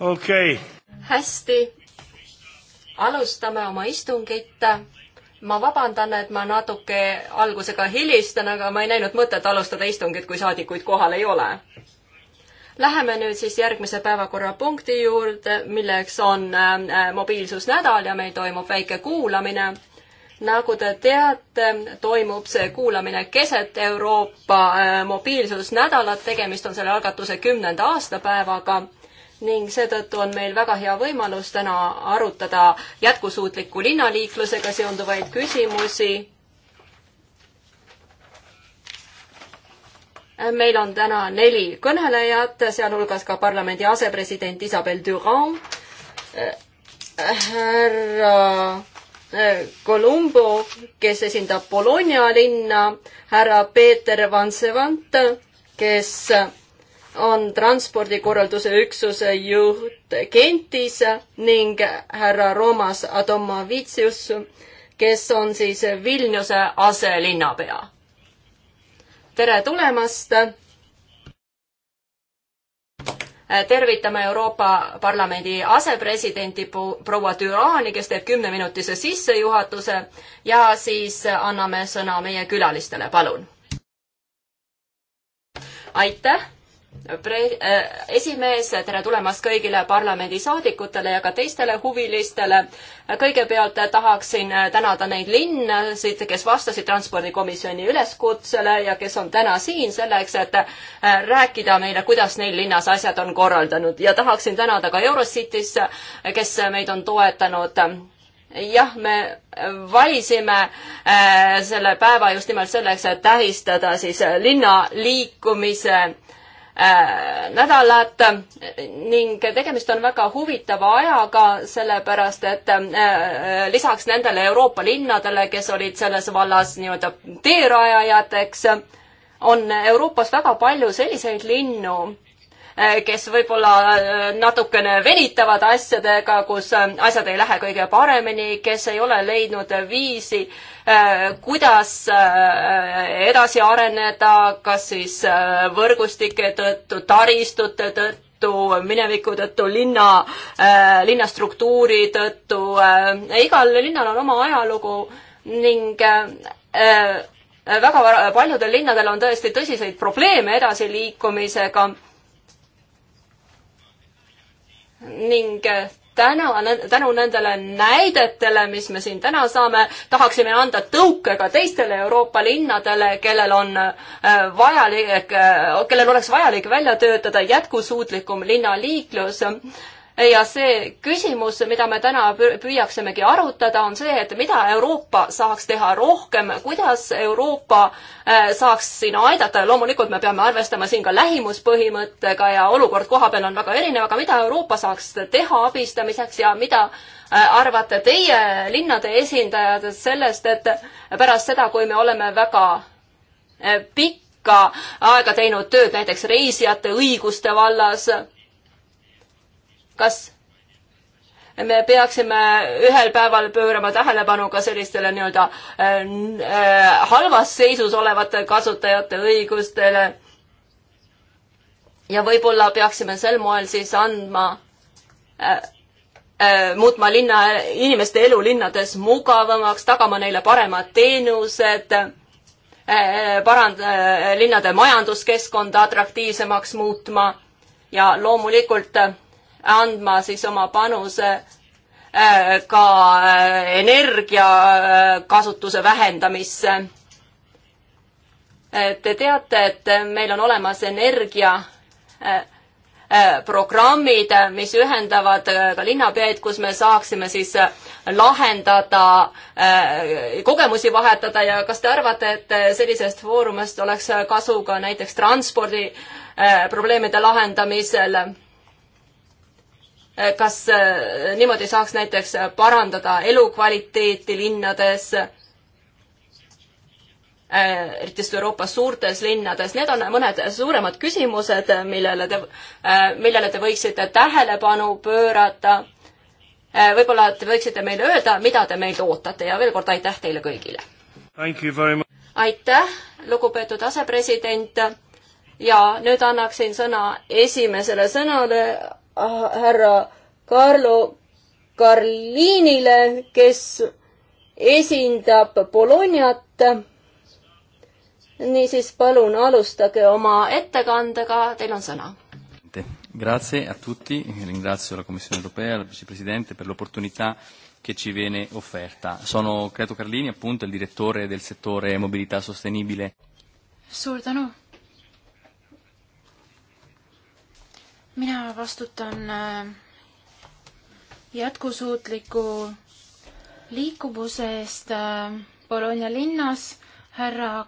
okei okay.. hästi, alustame oma istungit. ma vabandan, et ma natuke algusega hilistan, aga ma ei näinud mõtet alustada istungit, kui saadikuid kohal ei ole. Läheme nüüd siis järgmise päevakorrapunkti juurde, milleks on äh, mobiilsusnädal ja meil toimub väike kuulamine nagu te teate, toimub see kuulamine keset Euroopa äh, mobiilsusnädalat, tegemist on selle algatuse kümnenda aastapäevaga ning seetõttu on meil väga hea võimalus täna arutada jätkusuutliku linnaliiklusega seonduvaid küsimusi. meil on täna neli kõnelejat, sealhulgas ka parlamendi asepresident Isabel Durand, härra äh, Colombo, kes esindab Bologna linna, härra Peeter Vansevant, kes on transpordikorralduse üksuse juht Gentis ning härra Romas Adomavicius, kes on siis Vilniuse aselinnapea. tere tulemast! tervitame Euroopa Parlamendi asepresidenti proua Türaani, kes teeb kümneminutise sissejuhatuse ja siis anname sõna meie külalistele, palun. aitäh pre-, äh, esimees, tere tulemast kõigile parlamendisaadikutele ja ka teistele huvilistele. kõigepealt tahaksin tänada neid linnasid, kes vastasid Transpordikomisjoni üleskutsele ja kes on täna siin selleks, et äh, rääkida meile, kuidas neil linnas asjad on korraldanud ja tahaksin tänada ka Eurocities, kes meid on toetanud jah, me valisime äh, selle päeva just nimelt selleks, et tähistada siis linna liikumise Äh, nädalat ning tegemist on väga huvitava ajaga, sellepärast et äh, lisaks nendele Euroopa linnadele, kes olid selles vallas nii-öelda teerajajateks, on Euroopas väga palju selliseid linnu, Äh, kes võib-olla äh, natukene venitavad asjadega, kus äh, asjad ei lähe kõige paremini, kes ei ole leidnud viisi, kuidas edasi areneda, kas siis võrgustike tõttu, taristute tõttu, tõttu, mineviku tõttu, linna äh,, linnastruktuuri tõttu äh,, igal linnal on oma ajalugu ning äh, väga paljudel linnadel on tõesti tõsiseid probleeme edasiliikumisega ning äh, täna, tänu nendele näidetele, mis me siin täna saame, tahaksime anda tõuke ka teistele Euroopa linnadele, kellel on äh, vajalik, äh, kellel oleks vajalik välja töötada jätkusuutlikum linnaliiklus ja see küsimus, mida me täna püüaksimegi arutada, on see, et mida Euroopa saaks teha rohkem, kuidas Euroopa äh, saaks siin aidata ja loomulikult me peame arvestama siin ka lähimuspõhimõttega ja olukord kohapeal on väga erinev, aga mida Euroopa saaks teha abistamiseks ja mida äh, arvate teie, linnade esindajad, sellest, et pärast seda, kui me oleme väga äh, pikka aega teinud tööd näiteks reisijate õiguste vallas, kas me peaksime ühel päeval pöörama tähelepanu ka sellistele nii-öelda äh, äh, halvas seisus olevate kasutajate õigustele. ja võib-olla peaksime sel moel siis andma äh,, äh, muutma linna, inimeste elu linnades mugavamaks, tagama neile paremad teenused äh,, äh parand-, linnade majanduskeskkonda atraktiivsemaks muutma ja loomulikult äh, andma siis oma panuse äh, ka äh, energiakasutuse äh, vähendamisse. Te teate, et meil on olemas energia programmid, mis ühendavad ka linnapeaid, kus me saaksime siis lahendada, kogemusi vahetada ja kas te arvate, et sellisest foorumist oleks kasu ka näiteks transpordi probleemide lahendamisel? kas äh, niimoodi saaks näiteks parandada elukvaliteeti linnades, äh, eriti just Euroopa suurtes linnades, need on mõned suuremad küsimused, millele te, äh, millele te võiksite tähelepanu pöörata. võib-olla te võiksite meile öelda, mida te meilt ootate ja veel kord aitäh teile kõigile! aitäh, lugupeetud asepresident ja nüüd annaksin sõna esimesele sõnale Ah, härra Carlo Carliinile, kes esindab Bolognat. niisiis, palun alustage oma ettekandega, teil on sõna. Grazie a tutti, ringrazio la Commissione europea, la Vicepresidente per l'opportunità che ci viene offerta. Sono Creto Carlini, appunto, il direttore del settore mobilità sostenibile. Suur tänu mina vastutan äh, jätkusuutliku liikuvuse eest äh, Bologna linnas. härra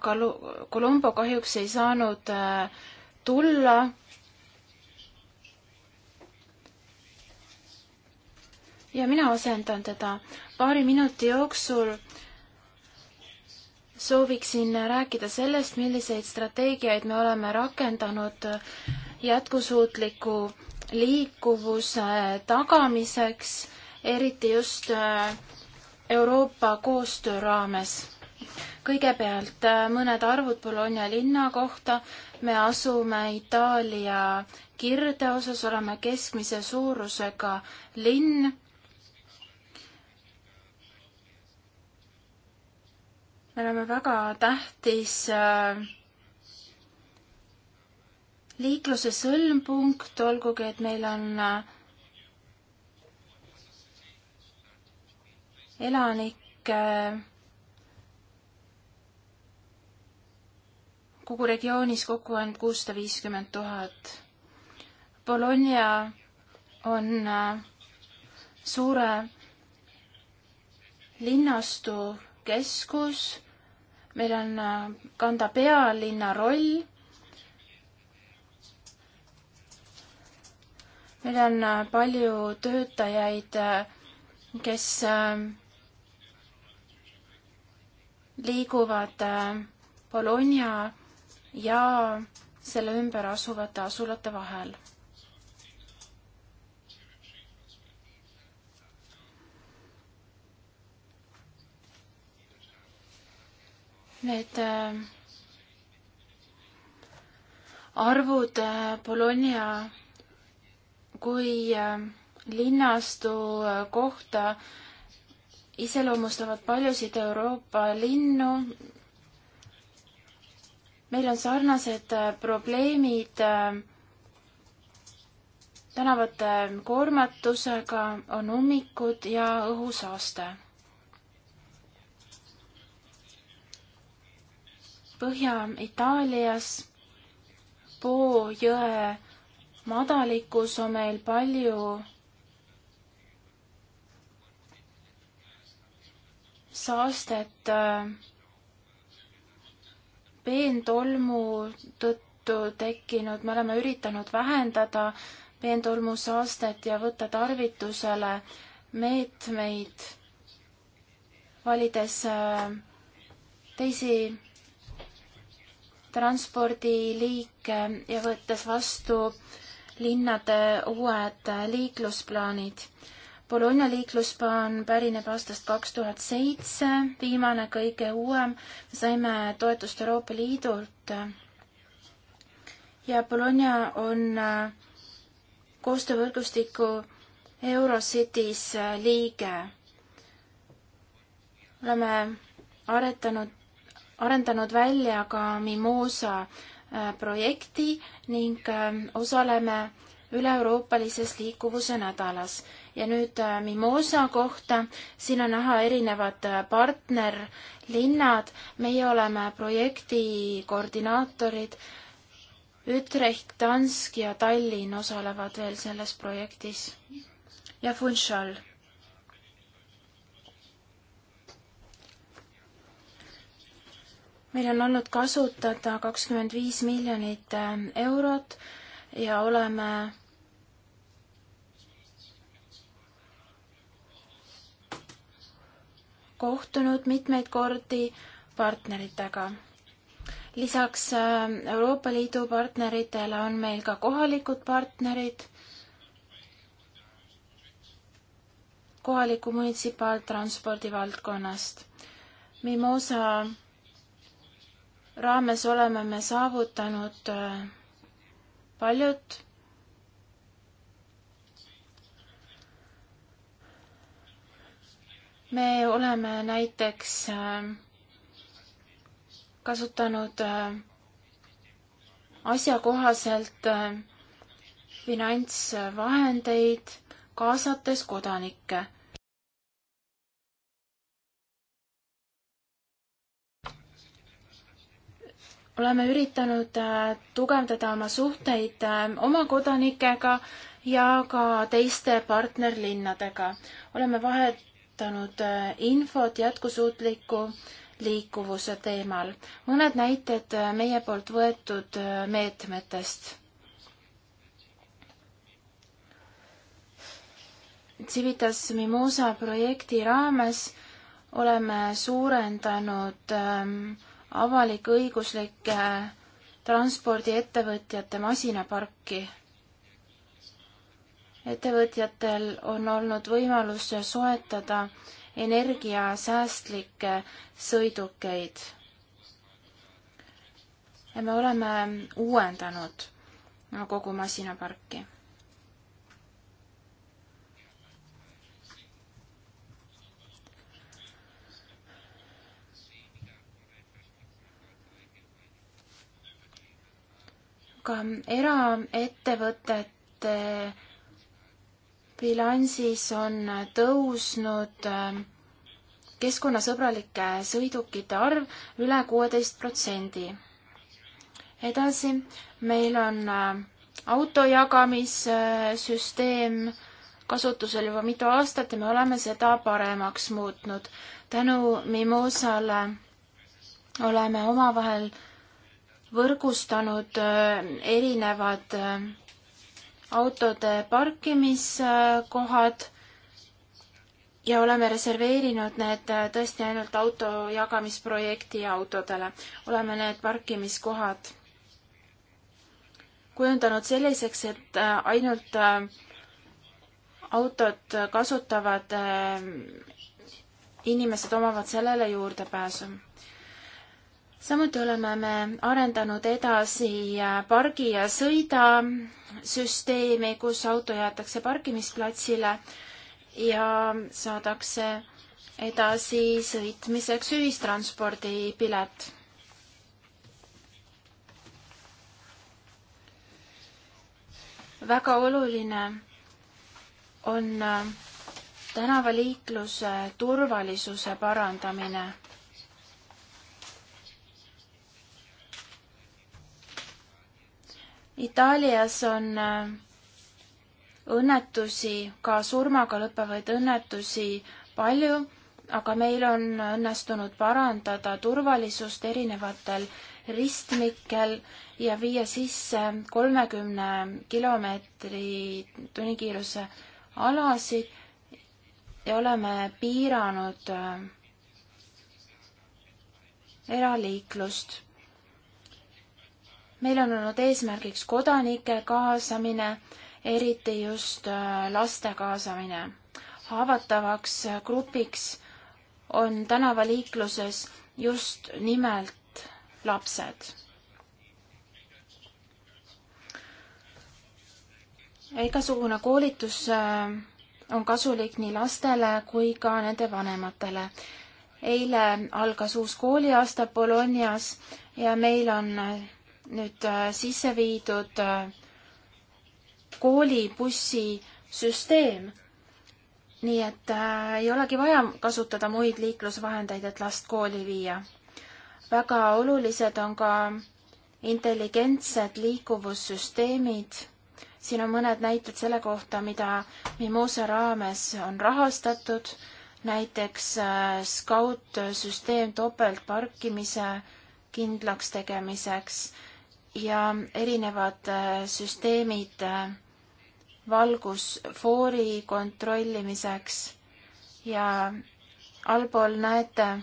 Colombo kahjuks ei saanud äh, tulla. ja mina asendan teda. paari minuti jooksul sooviksin rääkida sellest, milliseid strateegiaid me oleme rakendanud jätkusuutliku liikuvuse tagamiseks, eriti just äh, Euroopa koostöö raames. kõigepealt äh, mõned arvud Bologna linna kohta. me asume Itaalia kirdeosas, oleme keskmise suurusega linn. me oleme väga tähtis äh, liikluse sõlmpunkt, olgugi et meil on äh, elanikke kogu regioonis kokku ainult kuussada viiskümmend tuhat. Bologna on äh, suure linnastu keskus, meil on äh, kanda pealinna roll meil on äh, palju töötajaid, äh, kes äh, liiguvad Bologna ja selle ümber asuvate asulate vahel. Need arvud Bologna kui äh, linnastu äh, kohta iseloomustavad paljusid Euroopa linnu, meil on sarnased äh, probleemid tänavate koormatusega, on ummikud ja õhusaaste. Põhja-Itaalias Poo jõe madalikus on meil palju saastet äh, peentolmu tõttu tekkinud, me oleme üritanud vähendada peentolmu saastet ja võtta tarvitusele meetmeid, valides äh, teisi transpordiliike ja võttes vastu äh, linnade uued liiklusplaanid. Bologna liiklusplaan pärineb aastast kaks tuhat seitse, viimane, kõige uuem. me saime toetust Euroopa Liidult. ja Bologna on äh, koostöövõrgustiku Eurocities äh, liige. oleme aretanud arendanud välja ka Mimosa Äh, projekti ning ähm, osaleme üle-euroopalises liikuvuse nädalas. ja nüüd äh, Mimosa kohta, siin on näha erinevad äh, partnerlinnad, meie oleme projekti koordinaatorid, Utrecht, Dansk ja Tallinn osalevad veel selles projektis ja Funchal meil on olnud kasutada kakskümmend viis miljonit äh, eurot ja oleme kohtunud mitmeid kordi partneritega. lisaks äh, Euroopa Liidu partneritele on meil ka kohalikud partnerid, kohaliku munitsipaaltranspordi valdkonnast. Mimosa raames oleme me saavutanud äh, paljud me oleme näiteks äh, kasutanud äh, asjakohaselt finantsvahendeid, kaasates kodanikke oleme üritanud äh, tugevdada oma suhteid äh, oma kodanikega ja ka teiste partnerlinnadega. oleme vahetanud äh, infot jätkusuutliku liikuvuse teemal. mõned näited meie poolt võetud meetmetest. Civitas Mimosa projekti raames oleme suurendanud ähm, avalik-õiguslike transpordiettevõtjate masinaparki. ettevõtjatel on olnud võimalus soetada energiasäästlikke sõidukeid. ja me oleme uuendanud kogu masinaparki ka eraettevõtete bilansis on tõusnud äh, keskkonnasõbralike sõidukite arv üle kuueteist protsendi. edasi, meil on äh, autojagamissüsteem kasutusel juba mitu aastat ja me oleme seda paremaks muutnud. tänu Mimosale oleme omavahel võrgustanud äh, erinevad äh, autode parkimiskohad ja oleme reserveerinud need äh, tõesti ainult auto jagamisprojekti autodele. oleme need parkimiskohad kujundanud selliseks, et ainult autot kasutavad inimesed omavad sellele juurdepääsu samuti oleme me arendanud edasi äh, pargi ja sõida süsteemi, kus auto jäetakse parkimisplatsile ja saadakse edasi sõitmiseks ühistranspordipilet väga oluline on äh, tänavaliikluse turvalisuse parandamine. Itaalias on äh, õnnetusi, ka surmaga lõppevaid õnnetusi palju, aga meil on õnnestunud parandada turvalisust erinevatel ristmikel ja viia sisse kolmekümne kilomeetri tunnikiiruse alasid ja oleme piiranud äh, eraliiklust meil on olnud eesmärgiks kodanike kaasamine, eriti just äh, laste kaasamine. haavatavaks äh, grupiks on tänavaliikluses just nimelt lapsed. igasugune koolitus äh, on kasulik nii lastele kui ka nende vanematele. eile algas uus kooliaasta Bolognas ja meil on nüüd äh, sisse viidud äh, koolibussisüsteem. nii et äh, ei olegi vaja kasutada muid liiklusvahendeid, et last kooli viia. väga olulised on ka intelligentsed liikuvussüsteemid. siin on mõned näited selle kohta, mida Mimosa raames on rahastatud, näiteks äh, Scout süsteem topeltparkimise kindlaks tegemiseks ja erinevad äh, süsteemid äh, valgusfoori kontrollimiseks ja allpool näete,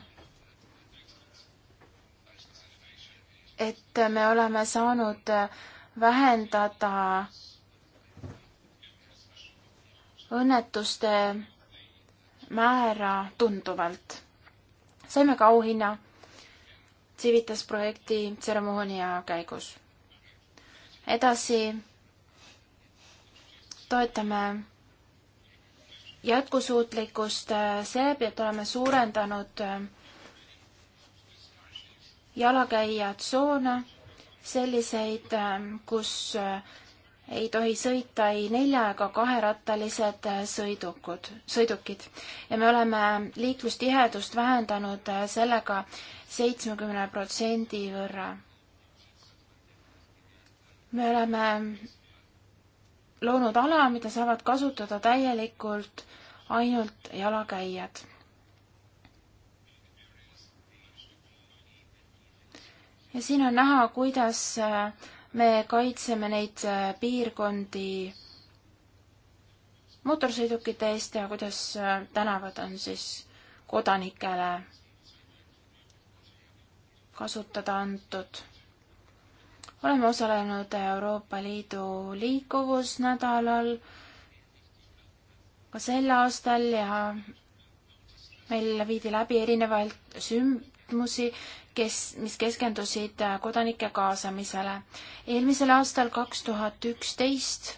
et me oleme saanud äh, vähendada õnnetuste määra tunduvalt. saime ka auhinna Civitas projekti tseremoonia käigus. edasi toetame jätkusuutlikkust seeläbi, et oleme suurendanud äh, jalakäijatsoone, selliseid, äh, kus äh, ei tohi sõita ei nelja ega kaherattalised sõidukud, sõidukid ja me oleme liiklustihedust vähendanud äh, sellega seitsmekümne protsendi võrra. me oleme loonud ala, mida saavad kasutada täielikult ainult jalakäijad. ja siin on näha, kuidas äh, me kaitseme neid äh, piirkondi mootorsõidukite eest ja kuidas äh, tänavad on siis kodanikele kasutada antud. oleme osalenud Euroopa Liidu liikuvusnädalal ka sel aastal ja meil viidi läbi erinevaid süm-, sündmusi, kes, mis keskendusid äh, kodanike kaasamisele. eelmisel aastal kaks tuhat üksteist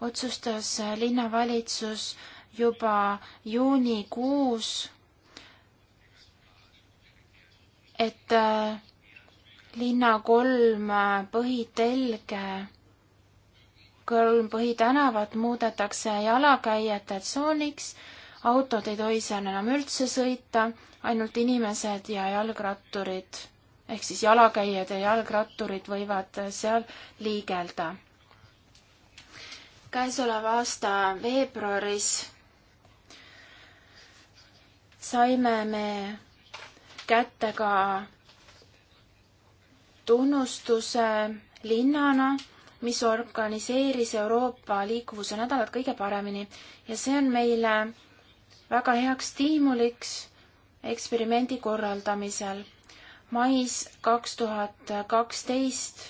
otsustas äh, linnavalitsus juba juunikuus, et äh, linna kolm põhitelge, kolm põhitänavat muudetakse jalakäijate tsooniks autod ei tohi seal enam üldse sõita, ainult inimesed ja jalgratturid ehk siis jalakäijad ja jalgratturid võivad seal liigelda. käesoleva aasta veebruaris saime me kätte ka tunnustuse linnana, mis organiseeris Euroopa liikuvuse nädalat kõige paremini ja see on meile väga heaks stiimuliks eksperimendi korraldamisel. mais kaks tuhat kaksteist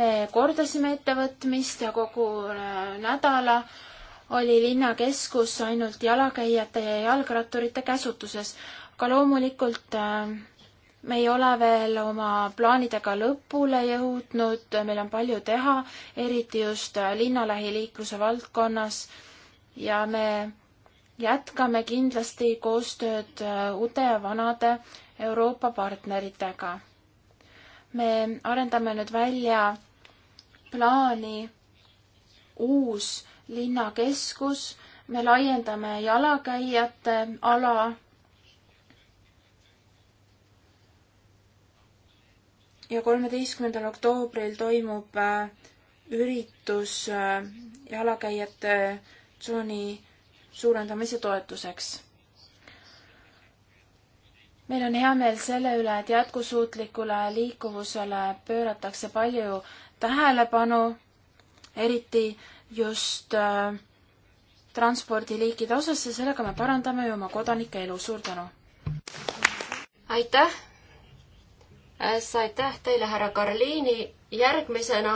me kordasime ettevõtmist ja kogu äh, nädala oli linnakeskus ainult jalakäijate ja jalgratturite käsutuses. aga loomulikult äh, me ei ole veel oma plaanidega lõpule jõudnud, meil on palju teha, eriti just linnalähiliikluse valdkonnas ja me jätkame kindlasti koostööd uute ja vanade Euroopa partneritega. me arendame nüüd välja plaani uus linnakeskus, me laiendame jalakäijate ala ja kolmeteistkümnendal oktoobril toimub äh, üritus äh, jalakäijate äh, tsooni suurendamise toetuseks. meil on hea meel selle üle, et jätkusuutlikule liikuvusele pööratakse palju tähelepanu, eriti just äh, transpordiliikide osas ja sellega me parandame ju oma kodanike elu. suur tänu! aitäh! see aitäh teile, härra Karliini. järgmisena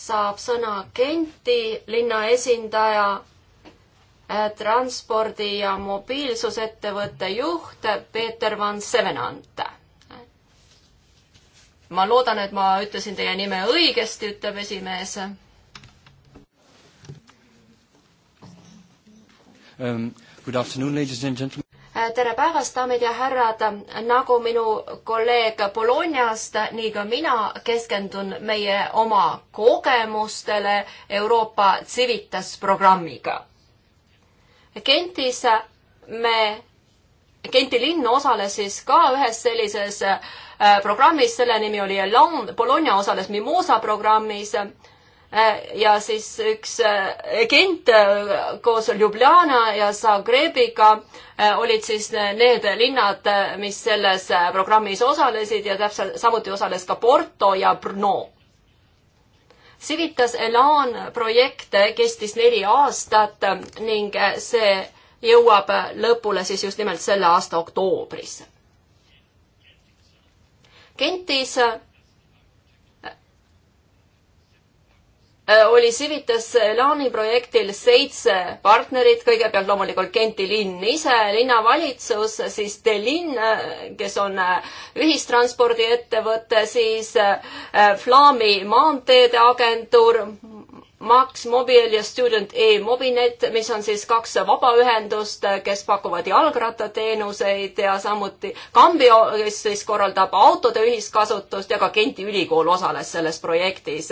saab sõna Genti linna esindaja, äh, transpordi- ja mobiilsusettevõtte juht Peeter Van Sevenant. ma loodan, et ma ütlesin teie nime õigesti, ütleb esimees um,. Good afternoon, ladies and gentlemen. Äh, tere päevast, daamid ja härrad, nagu minu kolleeg Bolognast, nii ka mina keskendun meie oma kogemustele Euroopa Civitas programmiga. Gentis me, Genti linn osales siis ka ühes sellises äh, programmis, selle nimi oli Elon, Bologna osales Mimosa programmis Äh, ja siis üks Gent äh, äh, koos Ljubljana ja Zagrebiga olid siis need linnad, mis selles programmis osalesid ja täpselt samuti osales ka Porto ja Brno. Civitas Elan projekt kestis neli aastat ning see jõuab lõpule siis just nimelt selle aasta oktoobris. Gentis Äh, oli Civitas Laani projektil seitse partnerit, kõigepealt loomulikult Genti linn ise, linnavalitsus, siis Delinn, äh, kes on äh, ühistranspordiettevõte, siis Flaami maanteede agentuur, Max Mobil ja Student e-mobinet, mis on siis kaks vabaühendust, kes pakuvad jalgrattateenuseid ja samuti Kambio, kes siis korraldab autode ühiskasutust ja ka Genti ülikool osales selles projektis.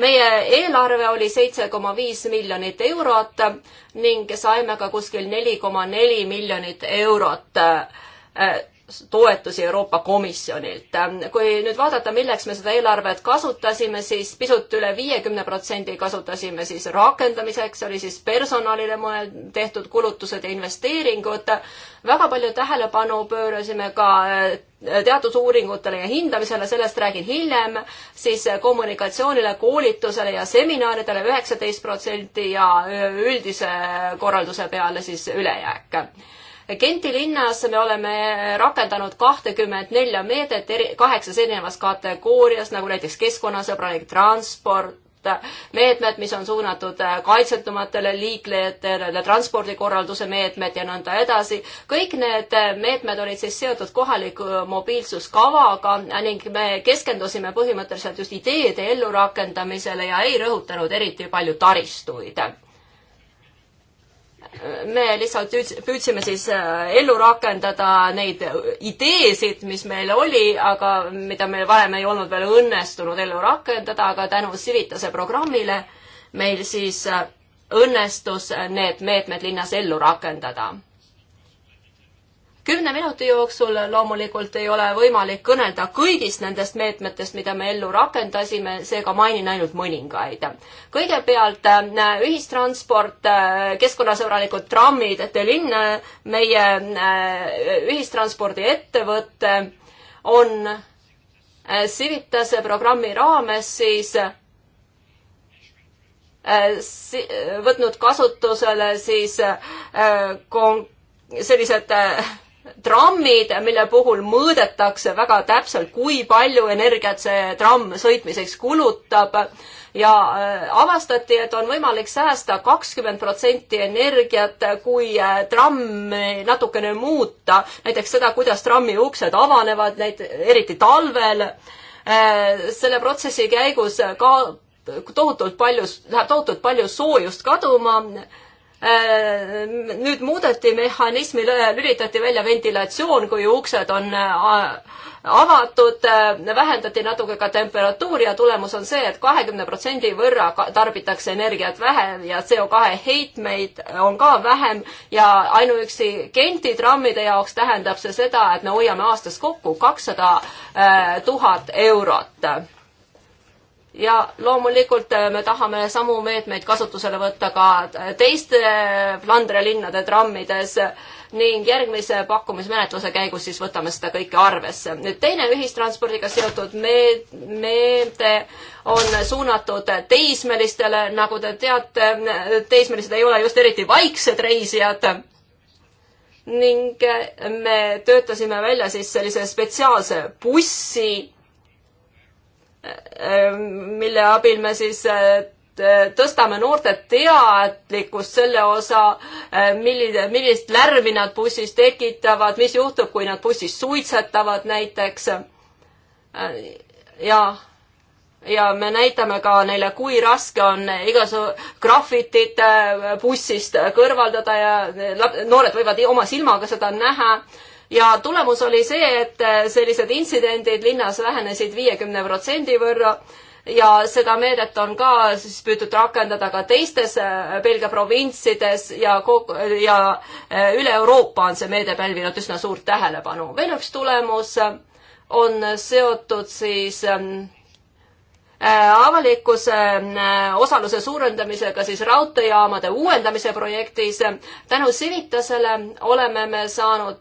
meie eelarve oli seitse koma viis miljonit eurot ning saime ka kuskil neli koma neli miljonit eurot toetusi Euroopa Komisjonilt. kui nüüd vaadata, milleks me seda eelarvet kasutasime, siis pisut üle viiekümne protsendi kasutasime siis rakendamiseks, oli siis personalile tehtud kulutused ja investeeringud. väga palju tähelepanu pöörasime ka äh, teadusuuringutele ja hindamisele, sellest räägin hiljem, siis kommunikatsioonile, koolitusele ja seminaridele üheksateist protsenti ja äh, üldise korralduse peale siis ülejääk Genti linnas me oleme rakendanud kahtekümmet nelja meedet eri, kaheksas erinevas kategoorias, nagu näiteks keskkonnasõbralik transport, meetmed, mis on suunatud äh, kaitsetumatele liiklejatele, transpordikorralduse meetmed ja nõnda edasi. kõik need äh, meetmed olid siis seotud kohaliku mobiilsuskavaga ning me keskendusime põhimõtteliselt just ideede ellurakendamisele ja ei rõhutanud eriti palju taristuid me lihtsalt püüdsime siis äh, ellu rakendada neid ideesid, mis meil oli, aga mida meil varem ei olnud veel õnnestunud ellu rakendada, aga tänu Civitase programmile meil siis äh, õnnestus need meetmed linnas ellu rakendada kümne minuti jooksul loomulikult ei ole võimalik kõnelda kõigist nendest meetmetest, mida me ellu rakendasime, seega mainin ainult mõningaid. kõigepealt äh, ühistransport, äh, keskkonnasõbralikud trammid, et linn, meie äh, ühistranspordiettevõte on Civitase programmi raames siis võtnud kasutusele siis kon-, sellised äh, trammid, mille puhul mõõdetakse väga täpselt, kui palju energiat see tramm sõitmiseks kulutab ja äh, avastati, et on võimalik säästa kakskümmend protsenti energiat, kui äh, trammi natukene muuta, näiteks seda, kuidas trammi uksed avanevad, neid eriti talvel. Äh, selle protsessi käigus ka tohutult palju, läheb tohutult palju soojust kaduma Äh, nüüd muudeti mehhanismi, lülitati välja ventilatsioon, kui uksed on äh, avatud, äh, vähendati natuke ka temperatuuri ja tulemus on see et, et kahekümne protsendi võrra tarbitakse energiat vähem ja CO2 heitmeid on ka vähem ja ainuüksi Genti trammide jaoks tähendab see seda, et me hoiame aastas kokku kakssada tuhat eurot ja loomulikult äh, me tahame samu meetmeid kasutusele võtta ka äh, teiste äh, Flandre linnade trammides ning järgmise pakkumismenetluse käigus siis võtame seda kõike arvesse. nüüd teine ühistranspordiga seotud meet-, meede on suunatud teismelistele, nagu te teate, teismelised ei ole just eriti vaiksed reisijad ning me töötasime välja siis sellise spetsiaalse bussi, Ehm, mille abil me siis eh, tõstame noorte teadlikkust selle osa, eh, milline, millist lärmi nad bussis tekitavad, mis juhtub, kui nad bussis suitsetavad näiteks. Eh, ja, ja me näitame ka neile, kui raske on igasugu grafitid bussist kõrvaldada ja noored võivad oma silmaga seda näha ja tulemus oli see, et äh, sellised intsidendid linnas vähenesid viiekümne protsendi võrra ja seda meedet on ka siis püütud rakendada ka teistes äh, Belgia provintsides ja, ja äh, üle Euroopa on see meede pälvinud üsna suurt tähelepanu. veel üks tulemus on seotud siis ähm, avalikkuse osaluse suurendamisega siis raudteejaamade uuendamise projektis. tänu Civitasele oleme me saanud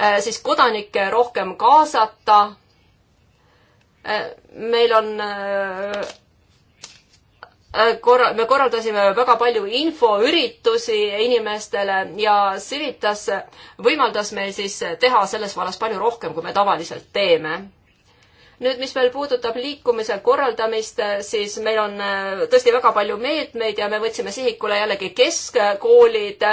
Äh, siis kodanikke rohkem kaasata. Äh, meil on äh, korra-, me korraldasime väga palju infoüritusi inimestele ja Civitas võimaldas meil siis teha selles vallas palju rohkem, kui me tavaliselt teeme nüüd, mis veel puudutab liikumise korraldamist, äh, siis meil on äh, tõesti väga palju meetmeid ja me võtsime sihikule jällegi keskkoolid.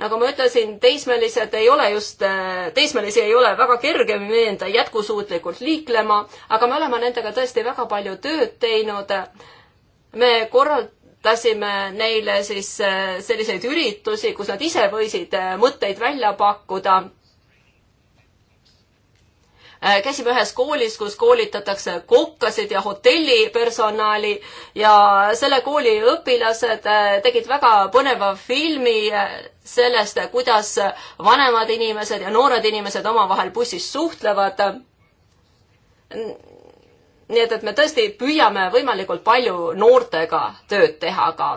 nagu ma ütlesin, teismelised ei ole just, äh, teismelisi ei ole väga kerge veenda jätkusuutlikult liiklema, aga me oleme nendega tõesti väga palju tööd teinud. me korrald-, tasime neile siis selliseid üritusi, kus nad ise võisid mõtteid välja pakkuda Äh, käisime ühes koolis, kus koolitatakse kokkasid ja hotellipersonali ja selle kooli õpilased äh, tegid väga põneva filmi äh, sellest, kuidas vanemad inimesed ja noored inimesed omavahel bussis suhtlevad. nii et, et me tõesti püüame võimalikult palju noortega tööd teha, aga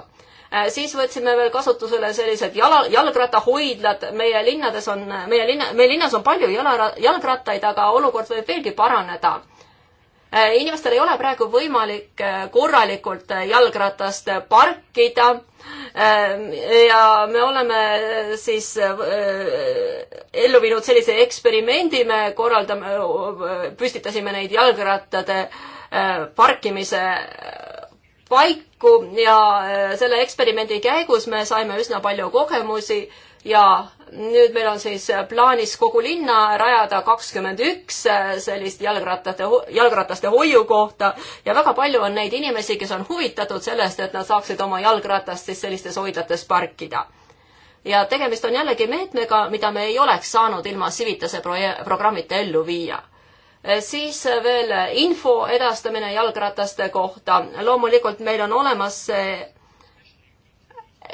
Äh, siis võtsime veel kasutusele sellised jala, jalgrattahoidlad, meie linnades on, meie linna, meie linnas on palju jala, jalgrattaid, aga olukord võib veelgi paraneda äh, inimestel ei ole praegu võimalik äh, korralikult jalgratast parkida. ja me oleme siis ellu viinud sellise eksperimendi, me korraldame, püstitasime neid jalgrattade parkimise paiku ja äh, selle eksperimendi käigus me saime üsna palju kogemusi ja nüüd meil on siis plaanis kogu linna rajada kakskümmend üks äh, sellist jalgrattate, jalgrataste hoiukohta ja väga palju on neid inimesi, kes on huvitatud sellest, et nad saaksid oma jalgratast siis sellistes hoidlates parkida. ja tegemist on jällegi meetmega, mida me ei oleks saanud ilma Civitase proje-, programmita ellu viia Eh, siis eh, veel eh, info edastamine jalgrataste kohta. loomulikult meil on olemas see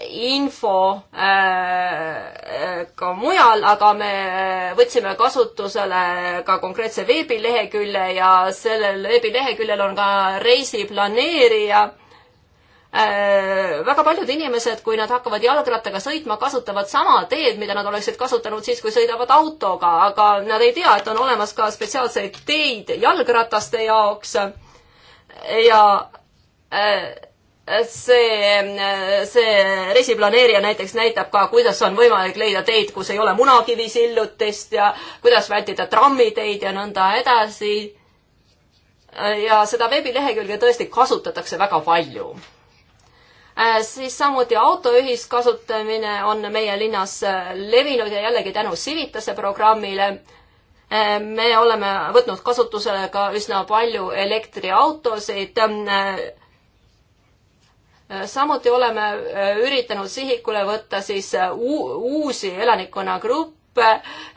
info ka mujal, aga me võtsime kasutusele ka konkreetse veebilehekülje ja sellel veebileheküljel on ka reisi planeerija Äh, väga paljud inimesed, kui nad hakkavad jalgrattaga sõitma, kasutavad sama teed, mida nad oleksid kasutanud siis, kui sõidavad autoga, aga nad ei tea, et on olemas ka spetsiaalseid teid jalgrataste jaoks. ja äh, see, äh, see reisiplaneerija näiteks näitab ka, kuidas on võimalik leida teid, kus ei ole munakivisillutist ja kuidas vältida trammiteid ja nõnda edasi. ja seda veebilehekülge tõesti kasutatakse väga palju Äh, siis samuti autoühis kasutamine on meie linnas äh, levinud ja jällegi tänu Civitase programmile äh, me oleme võtnud kasutusele ka üsna palju elektriautosid. samuti oleme üritanud sihikule võtta siis uusi elanikkonnagruppe,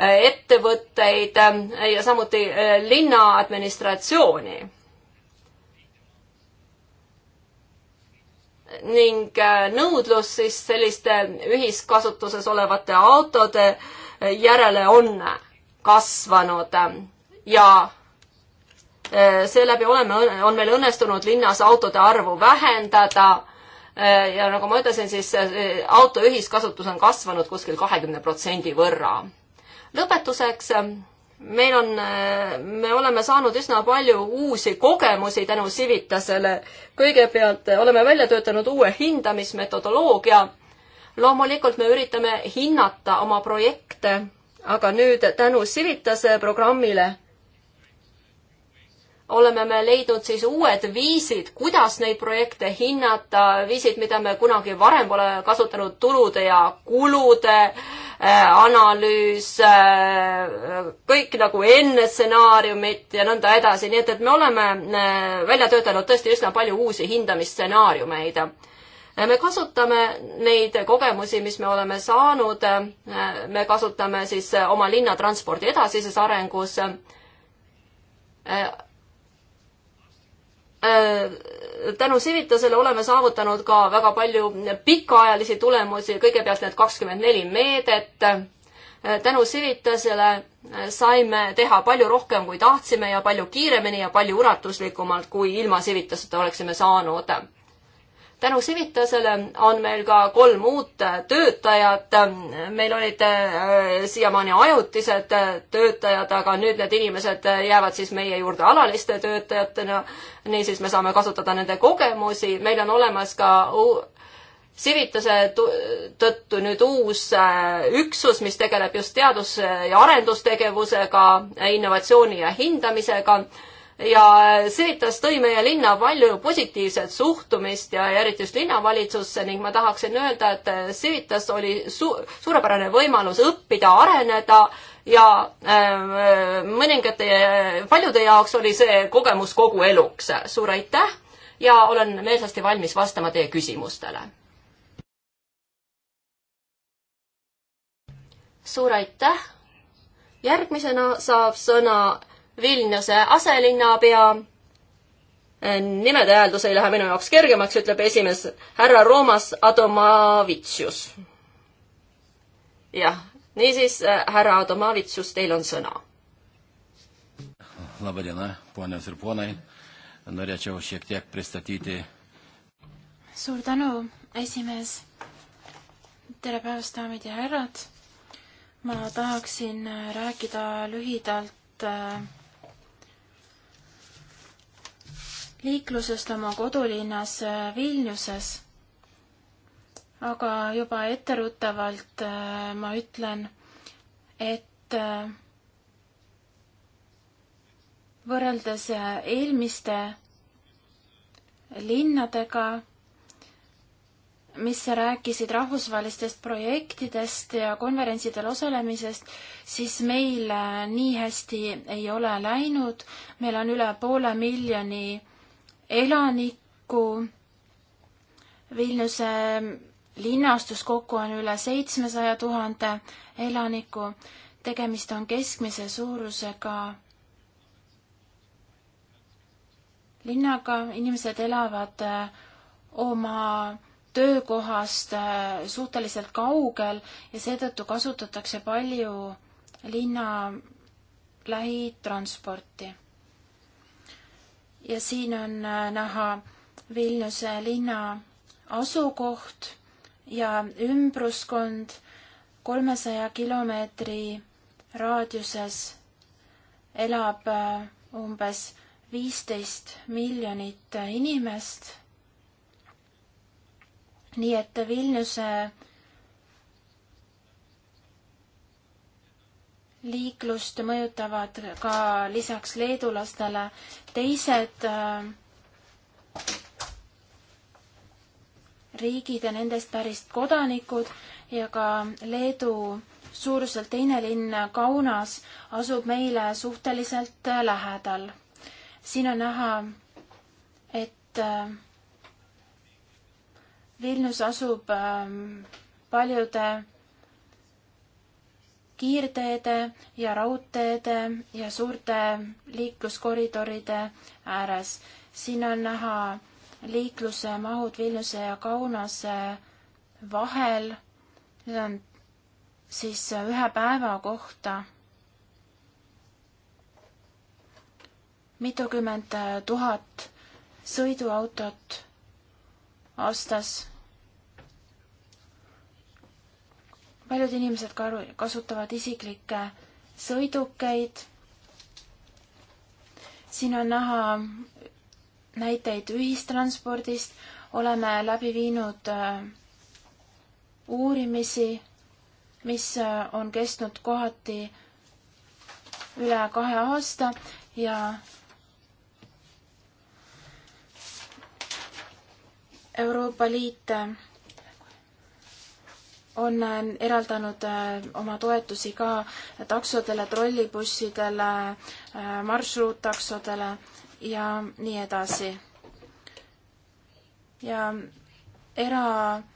ettevõtteid ja samuti linna administratsiooni ning äh, nõudlus siis selliste ühiskasutuses olevate autode äh, järele on kasvanud ja äh, seeläbi oleme, on meil õnnestunud linnas autode arvu vähendada ja nagu ma ütlesin, siis auto ühiskasutus on kasvanud kuskil kahekümne protsendi võrra. lõpetuseks meil on, me oleme saanud üsna palju uusi kogemusi tänu Civitasele. kõigepealt oleme välja töötanud uue hindamismetodoloogia. loomulikult me üritame hinnata oma projekte, aga nüüd tänu Civitase programmile oleme me leidnud siis uued viisid, kuidas neid projekte hinnata, viisid, mida me kunagi varem pole kasutanud, tulude ja kulude äh, analüüs, äh, kõik nagu enne stsenaariumit ja nõnda edasi, nii et, et me oleme äh, välja töötanud tõesti üsna palju uusi hindamisstsenaariumeid me kasutame neid kogemusi, mis me oleme saanud, me kasutame siis oma linnatranspordi edasises arengus Äh, tänu Civitasele oleme saavutanud ka väga palju pikaajalisi tulemusi, kõigepealt need kakskümmend neli meedet. Äh, tänu Civitasele äh, saime teha palju rohkem, kui tahtsime ja palju kiiremini ja palju ulatuslikumalt, kui ilma Civitaseta oleksime saanud tänu Civitasele on meil ka kolm uut töötajat. meil olid äh, siiamaani ajutised töötajad, aga nüüd need inimesed jäävad siis meie juurde alaliste töötajatena. niisiis me saame kasutada nende kogemusi. meil on olemas ka Civitase tõttu nüüd uus äh, üksus, mis tegeleb just teadus- ja arendustegevusega, innovatsiooni ja hindamisega ja see, kas tõi meie linna palju positiivset suhtumist ja eriti just linnavalitsusse ning ma tahaksin öelda, et see, kas oli su suurepärane võimalus õppida, areneda ja äh, mõningate, paljude jaoks oli see kogemus kogu eluks. suur aitäh ja olen meelsasti valmis vastama teie küsimustele. suur aitäh järgmisena saab sõna Vilniuse aselinnapea. Äh, nimede hääldus ei lähe minu jaoks kergemaks, ütleb esimees härra Roomas Adomavitšus. jah, niisiis, äh, härra Adomavitšus, teil on sõna. Labadiena, ponios ir ponai. Norėčiau šiek tiek pristatyti. suur tänu, esimees. tere päevast, daamid ja härrad ma tahaksin äh, rääkida lühidalt liiklusest oma kodulinnas äh, Vilniuses. aga juba etteruttavalt äh, ma ütlen, et äh, võrreldes eelmiste linnadega, mis rääkisid rahvusvahelistest projektidest ja konverentsidel osalemisest, siis meil nii hästi ei ole läinud. meil on üle poole miljoni elanikku. Vilniuse linnastus kokku on üle seitsmesaja tuhande elaniku. tegemist on keskmise suurusega linnaga, inimesed elavad äh, oma töökohast äh, suhteliselt kaugel ja seetõttu kasutatakse palju linna lähitransporti ja siin on äh, näha Vilniuse linna asukoht ja ümbruskond kolmesaja kilomeetri raadiuses elab äh, umbes viisteist miljonit äh, inimest. nii et Vilniuse liiklust mõjutavad ka lisaks leedulastele teised äh, riigid ja nendest pärist kodanikud ja ka Leedu suuruselt teine linn Kaunas asub meile suhteliselt äh, lähedal. siin on näha, et äh, Vilnius asub ähm, paljude kiirteede ja raudteede ja suurte liikluskoridoride ääres. siin on näha liikluse mahud Vilniuse ja Kaunase vahel. Need on siis ühe päeva kohta mitukümmend tuhat sõiduautot aastas paljud inimesed karu-, kasutavad isiklikke sõidukeid. siin on näha näiteid ühistranspordist, oleme läbi viinud äh, uurimisi, mis äh, on kestnud kohati üle kahe aasta ja Euroopa Liit äh, on äh, eraldanud äh, oma toetusi ka taksodele, trollibussidele, äh, marsruuttaksodele ja nii edasi. ja eraautode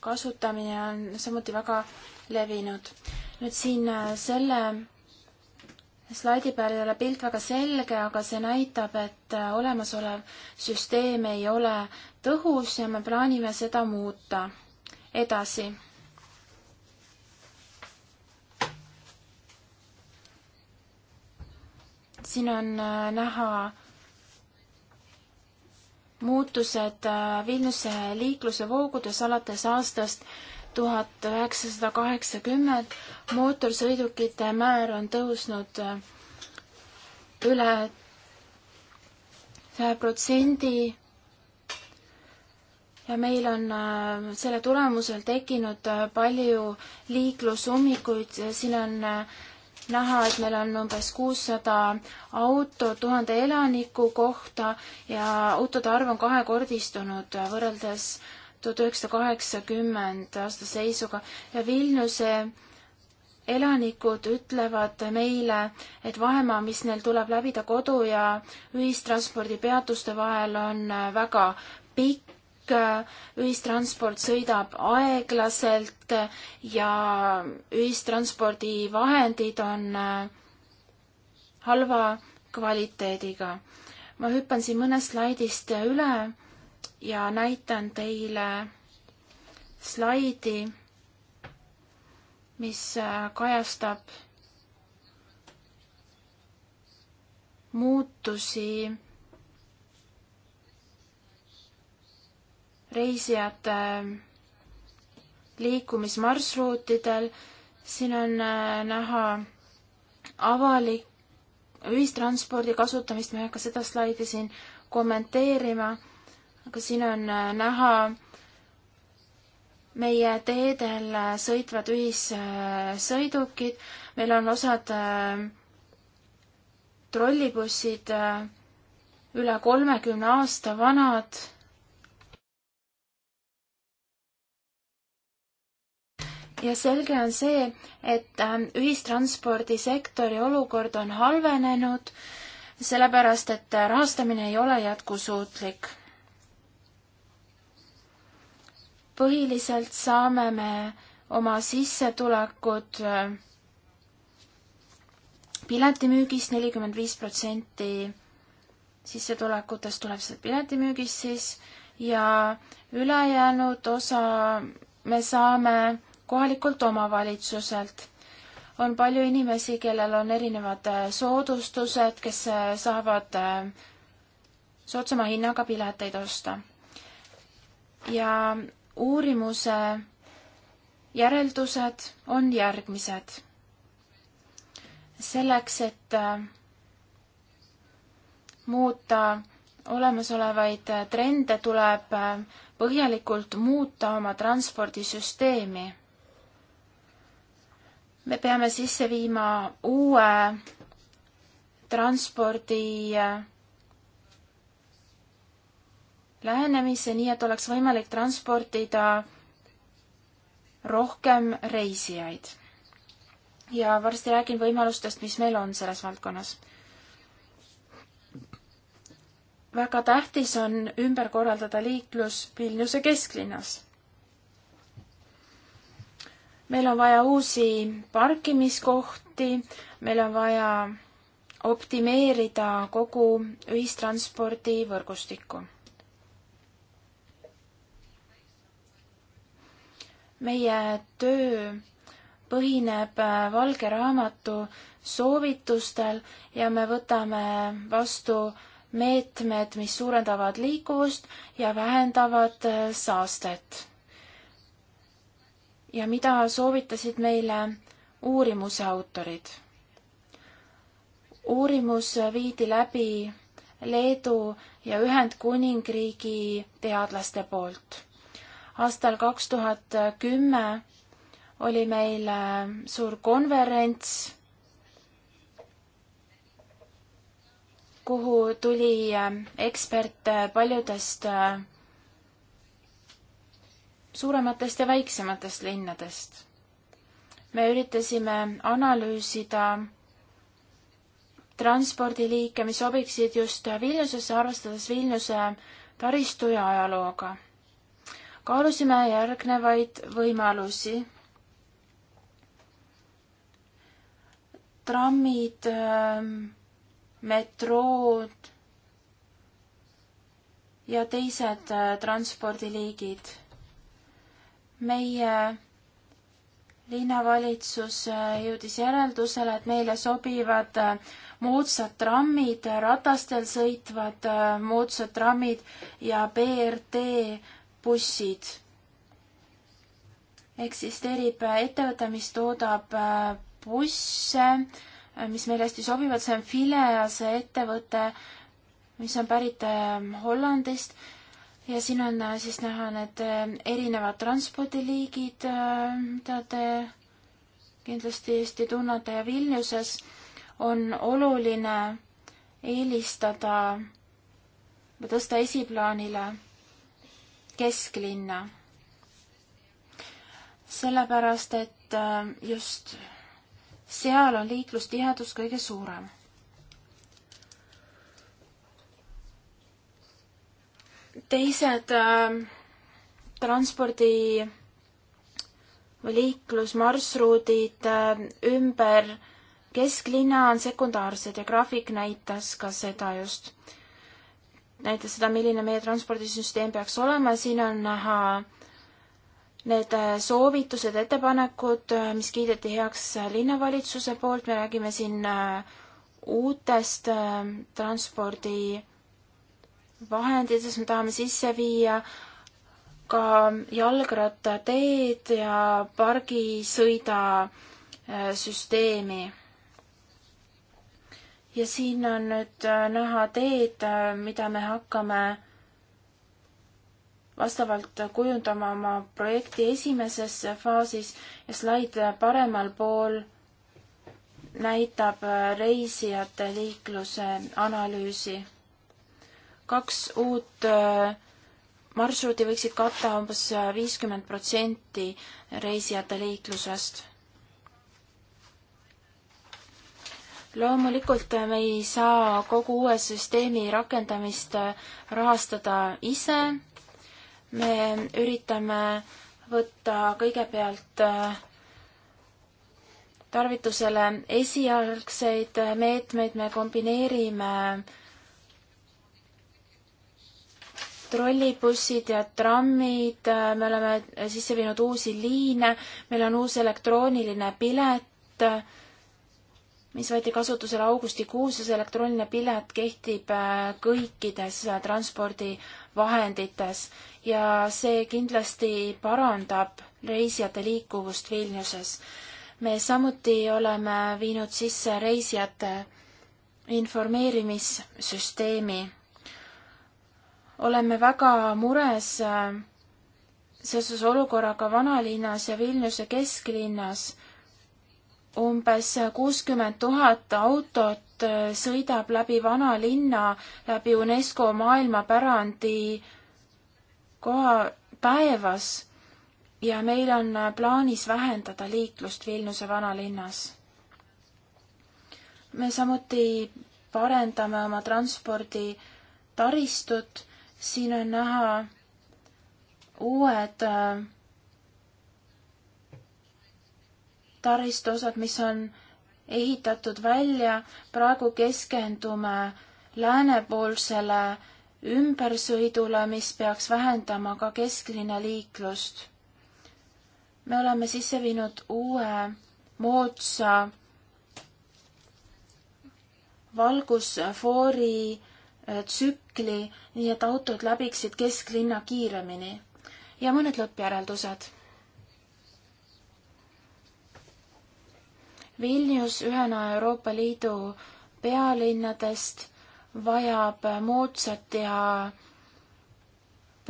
kasutamine on samuti väga levinud. nüüd siin selle slaidi peal ei ole pilt väga selge, aga see näitab, et äh, olemasolev süsteem ei ole tõhus ja me plaanime seda muuta. edasi. siin on äh, näha muutused äh, Vilniuse liikluse voogudes alates aastast tuhat üheksasada kaheksakümmend, mootorsõidukite määr on tõusnud äh, üle saja protsendi ja meil on äh, selle tulemusel tekkinud äh, palju liiklusummikuid, siin on näha, et meil on umbes kuussada autot tuhande elaniku kohta ja autode arv on kahekordistunud võrreldes tuhat üheksasada kaheksakümmend aasta seisuga ja Vilniuse elanikud ütlevad meile, et vahemaa, mis neil tuleb läbida kodu ja ühistranspordipeatuste vahel, on väga pikk, ühistransport sõidab aeglaselt ja ühistranspordivahendid on halva kvaliteediga. ma hüppan siin mõnest slaidist üle ja näitan teile slaidi, mis äh, kajastab muutusi reisijate äh, liikumismarsruutidel. siin on äh, näha avalik, ühistranspordi kasutamist, ma ei hakka seda slaidi siin kommenteerima aga siin on äh, näha meie teedel äh, sõitvad ühissõidukid, meil on osad äh, trollibussid üle kolmekümne aasta vanad. ja selge on see, et ühistranspordisektori olukord on halvenenud, sellepärast et rahastamine ei ole jätkusuutlik põhiliselt saame me oma sissetulekud äh, piletimüügist, nelikümmend viis protsenti sissetulekutest tuleb sealt piletimüügist siis ja ülejäänud osa me saame kohalikult omavalitsuselt. on palju inimesi, kellel on erinevad äh, soodustused, kes äh, saavad soodsama hinnaga pileteid osta. ja uurimuse järeldused on järgmised. selleks, et äh, muuta olemasolevaid trende, tuleb äh, põhjalikult muuta oma transpordisüsteemi. me peame sisse viima uue transpordi äh, lähenemise, nii et oleks võimalik transportida rohkem reisijaid. ja varsti räägin võimalustest, mis meil on selles valdkonnas. väga tähtis on ümber korraldada liiklus Vilniuse kesklinnas. meil on vaja uusi parkimiskohti, meil on vaja optimeerida kogu ühistranspordi võrgustikku meie töö põhineb äh, Valge Raamatu soovitustel ja me võtame vastu meetmed, mis suurendavad liikuvust ja vähendavad äh, saastet. ja mida soovitasid meile uurimuse autorid? uurimus viidi läbi Leedu ja Ühendkuningriigi teadlaste poolt aastal kaks tuhat kümme oli meil äh, suur konverents, kuhu tuli äh, eksperte äh, paljudest suurematest ja väiksematest linnadest. me üritasime analüüsida transpordiliike, mis sobiksid just Vilniusesse, arvestades Vilniuse taristu ja ajalooga kaalusime järgnevaid võimalusi. trammid, ähm, metrood ja teised äh, transpordiliigid. meie linnavalitsus äh, jõudis järeldusele, et meile sobivad äh, moodsad trammid, ratastel sõitvad moodsad trammid ja BRT bussid. eksisteerib ettevõte, mis toodab äh, busse, äh, mis meile hästi sobivad, see on Filease ettevõte, mis on pärit ähm, Hollandist ja siin on äh, siis näha need erinevad transpordiliigid, mida te kindlasti Eesti tunnete ja Vilniuses on oluline eelistada või tõsta esiplaanile kesklinna. sellepärast, et äh, just seal on liiklustihedus kõige suurem. teised äh, transpordi või liiklusmarsruudid äh, ümber kesklinna on sekundaarsed ja graafik näitas ka seda just näitas seda, milline meie transpordisüsteem peaks olema, siin on näha need äh, soovitused, ettepanekud, äh, mis kiideti heaks linnavalitsuse poolt, me räägime siin äh, uutest transpordivahenditest, me tahame sisse viia ka jalgrattateed ja pargisõida süsteemi ja siin on nüüd äh, näha teed, äh, mida me hakkame vastavalt kujundama oma projekti esimeses faasis ja slaid äh, paremal pool näitab reisijate liikluse analüüsi. kaks uut marsruuti võiksid katta umbes viiskümmend protsenti reisijate liiklusest loomulikult äh, me ei saa kogu uue süsteemi rakendamist äh, rahastada ise. me üritame võtta kõigepealt äh, tarvitusele esialgseid meetmeid, me kombineerime trollibussid ja trammid, me oleme sisse viinud uusi liine, meil on uus elektrooniline pilet mis võeti kasutusele augustikuus ja see elektrooniline pilet kehtib äh, kõikides äh, transpordivahendites ja see kindlasti parandab reisijate liikuvust Vilniuses. me samuti oleme viinud sisse reisijate informeerimissüsteemi. oleme väga mures äh, seoses olukorraga vanalinnas ja Vilniuse kesklinnas umbes kuuskümmend tuhat autot äh, sõidab läbi vanalinna, läbi UNESCO maailmapärandi koha päevas ja meil on äh, plaanis vähendada liiklust Vilniuse vanalinnas. me samuti parendame oma transporditaristut, siin on näha uued äh, taristuosad, mis on ehitatud välja, praegu keskendume läänepoolsele ümbersõidule, mis peaks vähendama ka kesklinna liiklust. me oleme sisse viinud uue moodsa valgusfoori äh, tsükli, nii et autod läbiksid kesklinna kiiremini. ja mõned lõppjäreldused Vilnius ühena Euroopa Liidu pealinnadest vajab moodsat ja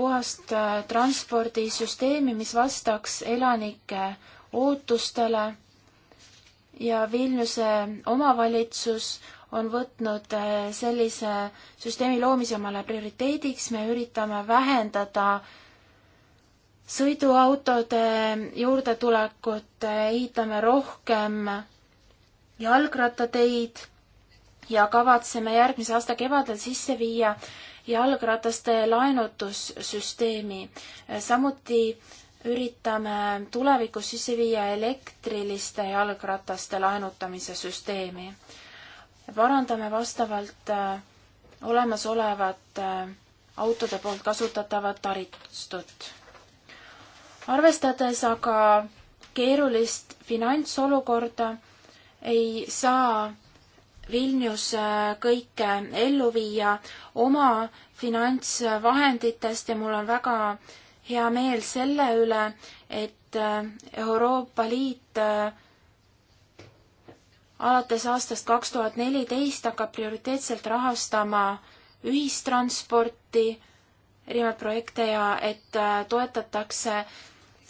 puhast äh, transpordisüsteemi, mis vastaks elanike ootustele ja Vilniuse omavalitsus on võtnud äh, sellise süsteemi loomise omale prioriteediks, me üritame vähendada sõiduautode äh, juurdetulekut, ehitame rohkem jalgrattateid ja kavatseme järgmise aasta kevadel sisse viia jalgrataste laenutussüsteemi. samuti üritame tulevikus sisse viia elektriliste jalgrataste laenutamise süsteemi. parandame vastavalt äh, olemasolevat äh, autode poolt kasutatavat taristut. arvestades aga keerulist finantsolukorda, ei saa Vilnius äh, kõike ellu viia oma finantsvahenditest ja mul on väga hea meel selle üle, et äh, Euroopa Liit äh, alates aastast kaks tuhat neliteist hakkab prioriteetselt rahastama ühistransporti, erinevaid projekte ja et toetatakse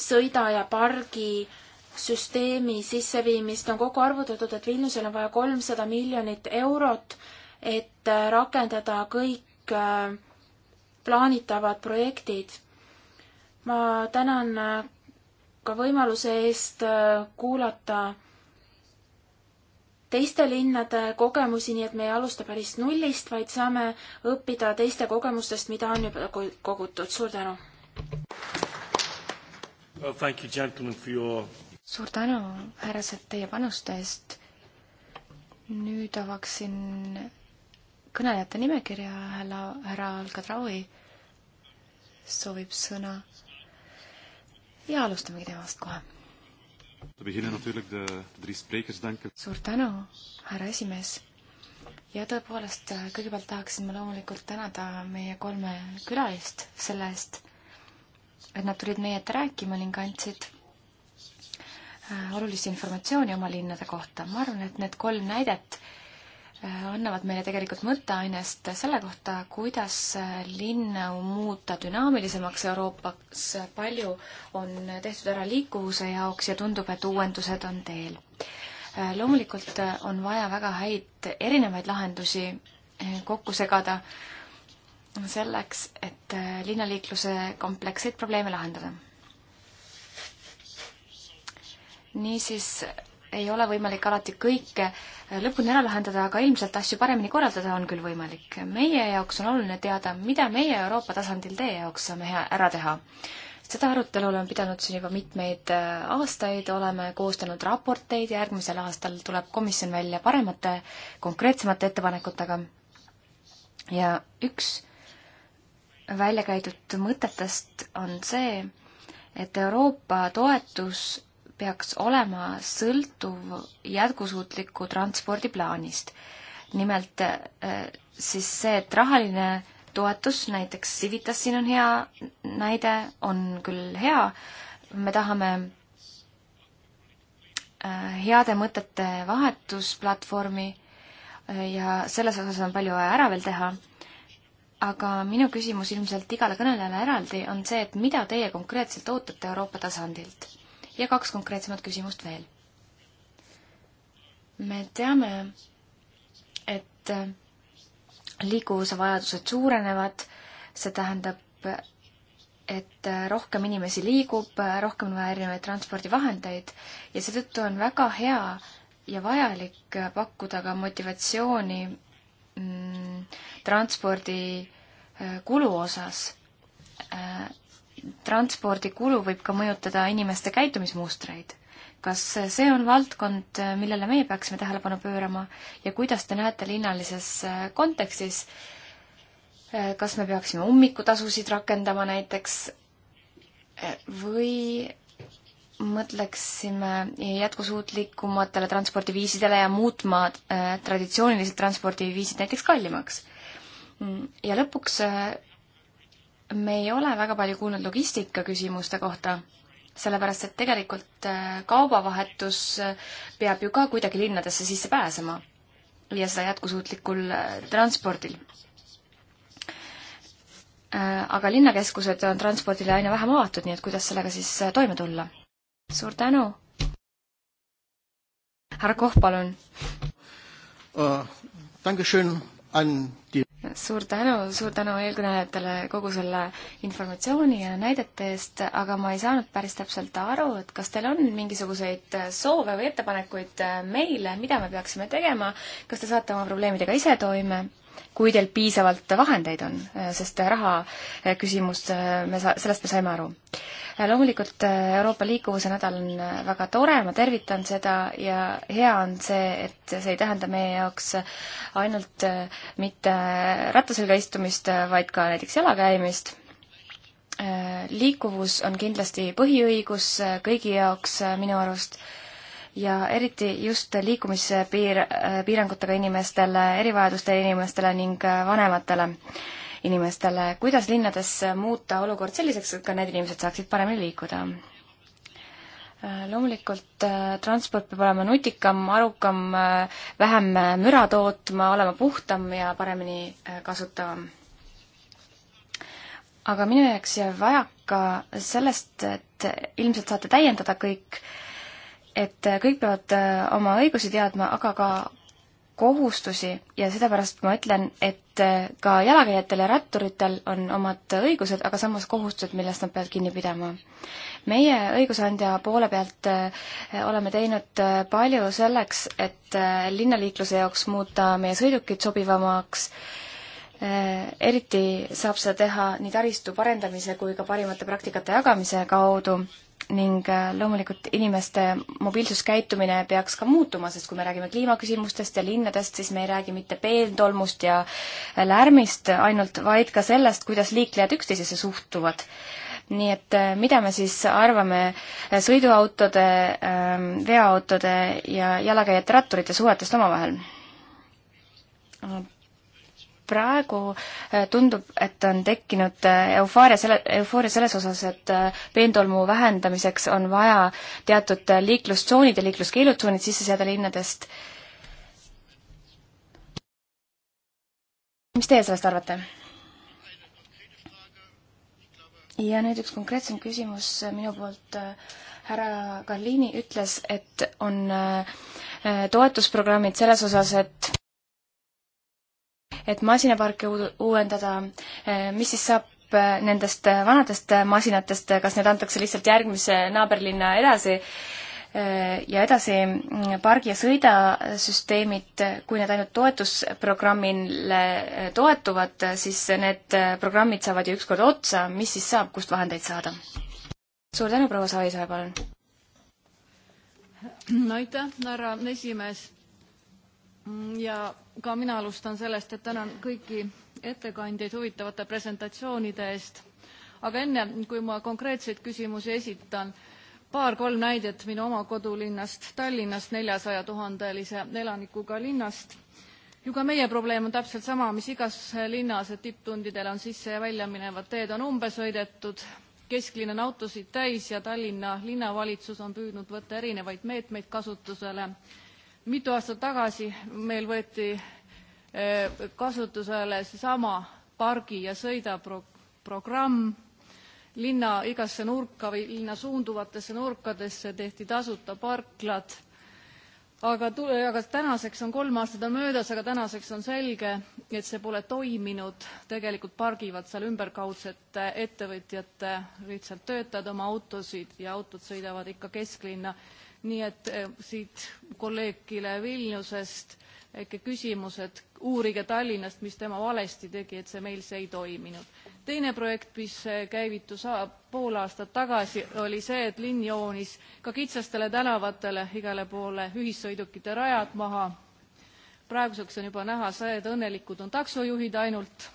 sõida ja pargi äh, süsteemi sisseviimist, on kokku arvutatud, et Vilniusel on vaja kolmsada miljonit eurot, et äh, rakendada kõik äh, plaanitavad projektid. ma tänan äh, ka võimaluse eest kuulata teiste linnade kogemusi, nii et me ei alusta päris nullist, vaid saame õppida teiste kogemustest, mida on juba kogutud. suur tänu! Well, thank you, gentlemen, for your suur tänu, härrased, teie panuste eest. nüüd avaksin kõnelejate nimekirja, härra, härra Alcatraui soovib sõna. ja alustamegi temast kohe. suur tänu, härra esimees. ja tõepoolest, kõigepealt tahaksin ma loomulikult tänada meie kolme külalist selle eest, et nad tulid meie ette rääkima ning andsid Äh, olulist informatsiooni oma linnade kohta. ma arvan, et need kolm näidet äh, annavad meile tegelikult mõtteainest selle kohta, kuidas äh, linnu muuta dünaamilisemaks Euroopas. palju on tehtud ära liikuvuse jaoks ja tundub, et uuendused on teel. loomulikult on vaja väga häid erinevaid lahendusi kokku segada selleks, et linnaliikluse kompleksseid probleeme lahendada niisiis ei ole võimalik alati kõike äh, lõpuni ära lahendada, aga ilmselt asju paremini korraldada on küll võimalik. meie jaoks on oluline teada, mida meie Euroopa tasandil teie jaoks saame ära teha. seda arutelu oleme pidanud siin juba mitmeid äh, aastaid, oleme koostanud raporteid, järgmisel aastal tuleb komisjon välja paremate, konkreetsemate ettepanekutega. ja üks välja käidud mõtetest on see, et Euroopa toetus peaks olema sõltuv jätkusuutliku transpordiplaanist. nimelt äh, siis see, et rahaline toetus, näiteks Civitas siin on hea näide, on küll hea, me tahame äh, heade mõtete vahetusplatvormi äh, ja selles osas on palju vaja ära veel teha, aga minu küsimus ilmselt igale kõnelejale eraldi on see, et mida teie konkreetselt ootate Euroopa tasandilt? ja kaks konkreetsemat küsimust veel. me teame, et liikuvuse vajadused suurenevad, see tähendab, et rohkem inimesi liigub, rohkem on vaja erinevaid transpordivahendeid ja seetõttu on väga hea ja vajalik pakkuda ka motivatsiooni mm, transpordi äh, kulu osas äh, transpordikulu võib ka mõjutada inimeste käitumismustreid. kas see on valdkond, millele meie peaksime tähelepanu pöörama ja kuidas te näete linnalises äh, kontekstis, äh, kas me peaksime ummikutasusid rakendama näiteks äh, või mõtleksime jätkusuutlikumatele transpordiviisidele ja muutma traditsioonilised transpordiviisid näiteks kallimaks. Mm, ja lõpuks me ei ole väga palju kuulnud logistika küsimuste kohta, sellepärast et tegelikult äh, kaubavahetus äh, peab ju ka kuidagi linnadesse sisse pääsema ja seda jätkusuutlikul äh, transpordil. aga linnakeskused on transpordile aina vähem avatud, nii et kuidas sellega siis toime tulla? suur tänu! härra Koh, palun uh,! suur tänu, suur tänu eelkõnelejatele kogu selle informatsiooni ja näidete eest, aga ma ei saanud päris täpselt aru, et kas teil on mingisuguseid soove või ettepanekuid meile, mida me peaksime tegema, kas te saate oma probleemidega ise toime kui teil piisavalt vahendeid on, sest raha küsimus, me sa-, sellest me saime aru. loomulikult Euroopa liikuvuse nädal on väga tore, ma tervitan seda ja hea on see, et see ei tähenda meie jaoks ainult mitte rattaselga istumist, vaid ka näiteks jalakäimist liikuvus on kindlasti põhiõigus kõigi jaoks minu arust ja eriti just liikumispiir, piirangutega inimestele, erivajadustega inimestele ning vanematele inimestele. kuidas linnades muuta olukord selliseks, et ka need inimesed saaksid paremini liikuda? loomulikult äh, transport peab olema nutikam, arukam, äh, vähem müra tootma, olema puhtam ja paremini äh, kasutavam. aga minu jaoks jääb vajaka sellest, et ilmselt saate täiendada kõik äh, et kõik peavad äh, oma õigusi teadma, aga ka kohustusi ja sellepärast ma ütlen, et äh, ka jalakäijatel ja ratturitel on omad õigused, aga samas kohustused, millest nad peavad kinni pidama. meie õigusandja poole pealt äh, oleme teinud palju selleks, et linnaliikluse jaoks muuta meie sõidukid sobivamaks, eriti saab seda teha nii taristu parendamise kui ka parimate praktikate jagamise kaudu ning äh, loomulikult inimeste mobiilsuskäitumine peaks ka muutuma, sest kui me räägime kliimaküsimustest ja linnadest, siis me ei räägi mitte peentolmust ja äh, lärmist ainult, vaid ka sellest, kuidas liiklejad üksteisesse suhtuvad. nii et äh, mida me siis arvame sõiduautode, ähm, veoautode ja jalakäijate ratturite suhetest omavahel? praegu äh, tundub, et on tekkinud äh, eufaaria selle, eufooria selles osas, et äh, peentolmu vähendamiseks on vaja teatud liiklustsoonid ja liikluskeelutsoonid sisse seada linnadest. mis teie sellest arvate? ja nüüd üks konkreetsem küsimus minu poolt. härra Karliini ütles, et on toetusprogrammid selles osas, et et masinaparke uuendada, eh, mis siis saab eh, nendest eh, vanadest masinatest, kas need antakse lihtsalt järgmise naaberlinna edasi ja edasi mm, pargi ja sõida süsteemid, kui need ainult toetusprogrammile toetuvad, siis need programmid saavad ju ükskord otsa, mis siis saab, kust vahendeid saada? suur tänu, proua Savisaar, palun! aitäh, härra esimees mm, ja ka mina alustan sellest, et tänan kõiki ettekandjaid huvitavate presentatsioonide eest. aga enne, kui ma konkreetseid küsimusi esitan, paar-kolm näidet minu oma kodulinnast Tallinnast, neljasaja tuhandelise elanikuga linnast. ju ka meie probleem on täpselt sama, mis igas linnas, et tipptundidel on sisse ja välja minevad teed on umbe sõidetud, kesklinn on autosid täis ja Tallinna linnavalitsus on püüdnud võtta erinevaid meetmeid kasutusele mitu aastat tagasi meil võeti eh, kasutusele seesama pargi ja sõida pro-, programm, linna igasse nurka või linna suunduvatesse nurkadesse tehti tasuta parklad, aga tu-, aga tänaseks on, kolm aastat on möödas, aga tänaseks on selge, et see pole toiminud, tegelikult pargivad seal ümberkaudsete ettevõtjate lihtsalt töötajad oma autosid ja autod sõidavad ikka kesklinna nii et eh, siit kolleegile Vilniusest äkki küsimus, et uurige Tallinnast, mis tema valesti tegi, et see meil see ei toiminud. teine projekt, mis eh, käivitus pool aastat tagasi, oli see, et linn joonis ka kitsastele tänavatele igale poole ühissõidukite rajad maha. praeguseks on juba näha see, et õnnelikud on taksojuhid ainult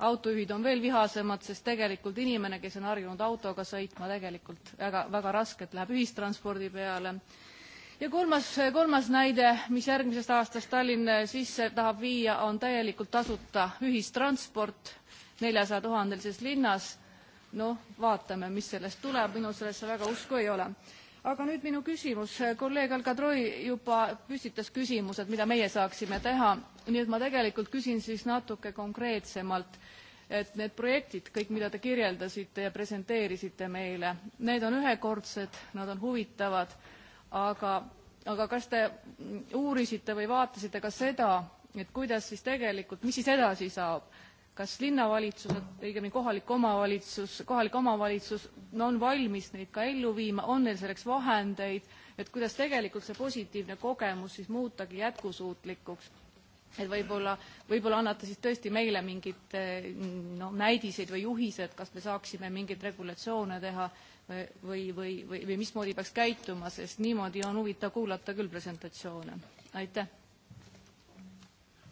autojuhid on veel vihasemad, sest tegelikult inimene, kes on harjunud autoga sõitma, tegelikult väga, väga raskelt läheb ühistranspordi peale. ja kolmas, kolmas näide, mis järgmisest aastast Tallinn sisse tahab viia, on täielikult tasuta ühistransport neljasaja tuhandelises linnas. noh, vaatame, mis sellest tuleb, minul sellesse väga usku ei ole aga nüüd minu küsimus, kolleeg Alcadroi juba püstitas küsimused, mida meie saaksime teha, nii et ma tegelikult küsin siis natuke konkreetsemalt, et need projektid, kõik, mida te kirjeldasite ja presenteerisite meile, need on ühekordsed, nad on huvitavad, aga, aga kas te uurisite või vaatasite ka seda, et kuidas siis tegelikult, mis siis edasi saab, kas linnavalitsused õigemini kohalik omavalitsus kohalik omavalitsus on valmis neid ka ellu viima on neil selleks vahendeid et kuidas tegelikult see positiivne kogemus siis muutagi jätkusuutlikuks et võib-olla võib-olla annate siis tõesti meile mingeid no näidiseid või juhiseid kas me saaksime mingeid regulatsioone teha või või või või mismoodi peaks käituma sest niimoodi on huvitav kuulata küll presentatsioone aitäh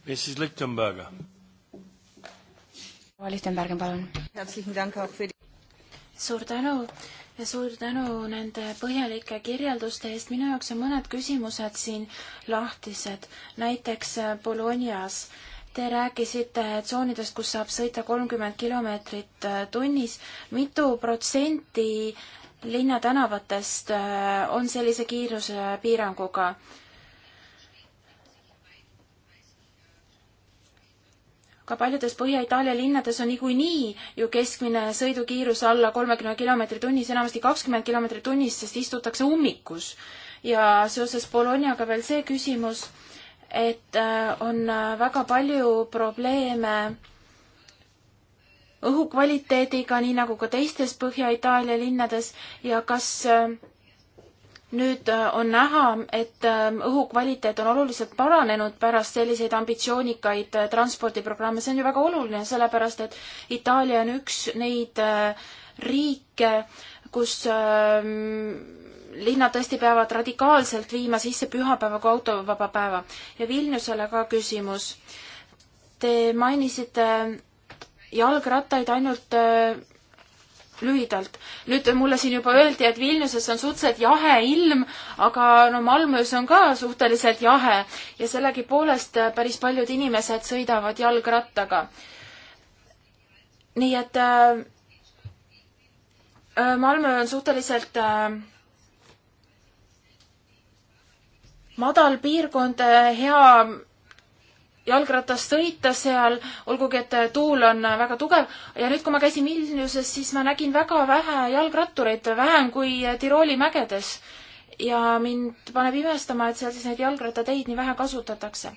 Mrs. Lichtenberger proua Lichtenbergen, palun. suur tänu ja suur tänu nende põhjalike kirjelduste eest. minu jaoks on mõned küsimused siin lahtised, näiteks äh, Bolognas. Te rääkisite tsoonidest, kus saab sõita kolmkümmend kilomeetrit äh, tunnis. mitu protsenti linna tänavatest äh, on sellise kiirusepiiranguga? ka paljudes Põhja-Itaalia linnades on niikuinii ju keskmine sõidukiirus alla kolmekümne kilomeetri tunnis, enamasti kakskümmend kilomeetrit tunnis, sest istutakse ummikus. ja seoses Bolognaga veel see küsimus, et äh, on äh, väga palju probleeme õhukvaliteediga, nii nagu ka teistes Põhja-Itaalia linnades ja kas äh, nüüd äh, on näha, et äh, õhukvaliteet on oluliselt paranenud pärast selliseid ambitsioonikaid äh, transpordiprogramme, see on ju väga oluline, sellepärast et Itaalia on üks neid riike, kus ähm, linnad tõesti peavad radikaalselt viima sisse pühapäeva kui autovaba päeva. ja Vilniusele ka küsimus. Te mainisite jalgrattaid ainult lühidalt. nüüd mulle siin juba öeldi, et Vilniuses on suhteliselt jahe ilm, aga no Malmös on ka suhteliselt jahe ja sellegipoolest päris paljud inimesed sõidavad jalgrattaga. nii et äh, äh Malmö on suhteliselt äh, madal piirkond, äh, hea jalgratast sõita seal, olgugi et tuul on väga tugev ja nüüd, kui ma käisin Vilniuses, siis ma nägin väga vähe jalgrattureid, vähem kui Tirooli mägedes. ja mind paneb imestama, et seal siis neid jalgrattateid nii vähe kasutatakse.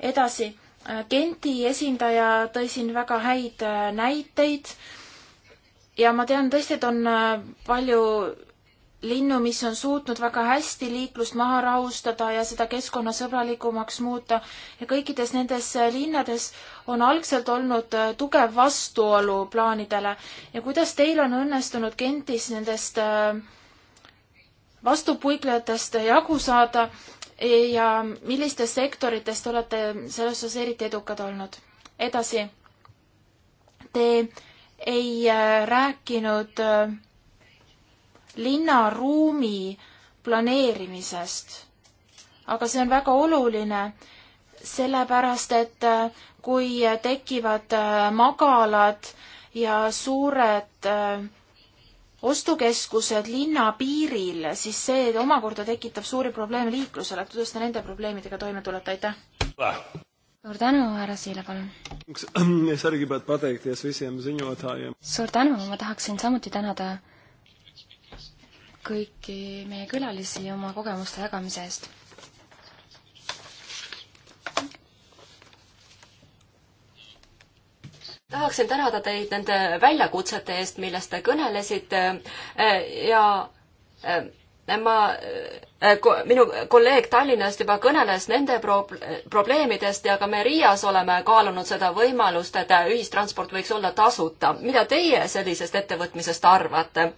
edasi, Genti esindaja tõi siin väga häid näiteid ja ma tean tõesti, et on palju linnu, mis on suutnud väga hästi liiklust maha rahustada ja seda keskkonnasõbralikumaks muuta ja kõikides nendes linnades on algselt olnud äh, tugev vastuolu plaanidele ja kuidas teil on õnnestunud Gentis nendest äh, vastupuiklejatest jagu saada ja millistest sektoritest olete selles osas eriti edukad olnud? edasi, te ei äh, rääkinud äh, linnaruumi planeerimisest. aga see on väga oluline, sellepärast et äh, kui tekivad äh, magalad ja suured äh, ostukeskused linna piiril, siis see omakorda tekitab suuri probleeme liiklusele, et kuidas te nende probleemidega toime tulete, aitäh! suur tänu, härra Siile, palun! suur tänu, ma tahaksin samuti tänada kõiki meie külalisi oma kogemuste jagamise eest. tahaksin tänada teid nende väljakutsete eest, millest te kõnelesite ja eh, ma, eh, minu kolleeg Tallinnast juba kõneles nende prob-, probleemidest ja ka me Riias oleme kaalunud seda võimalust, et ühistransport võiks olla tasuta. mida teie sellisest ettevõtmisest arvate?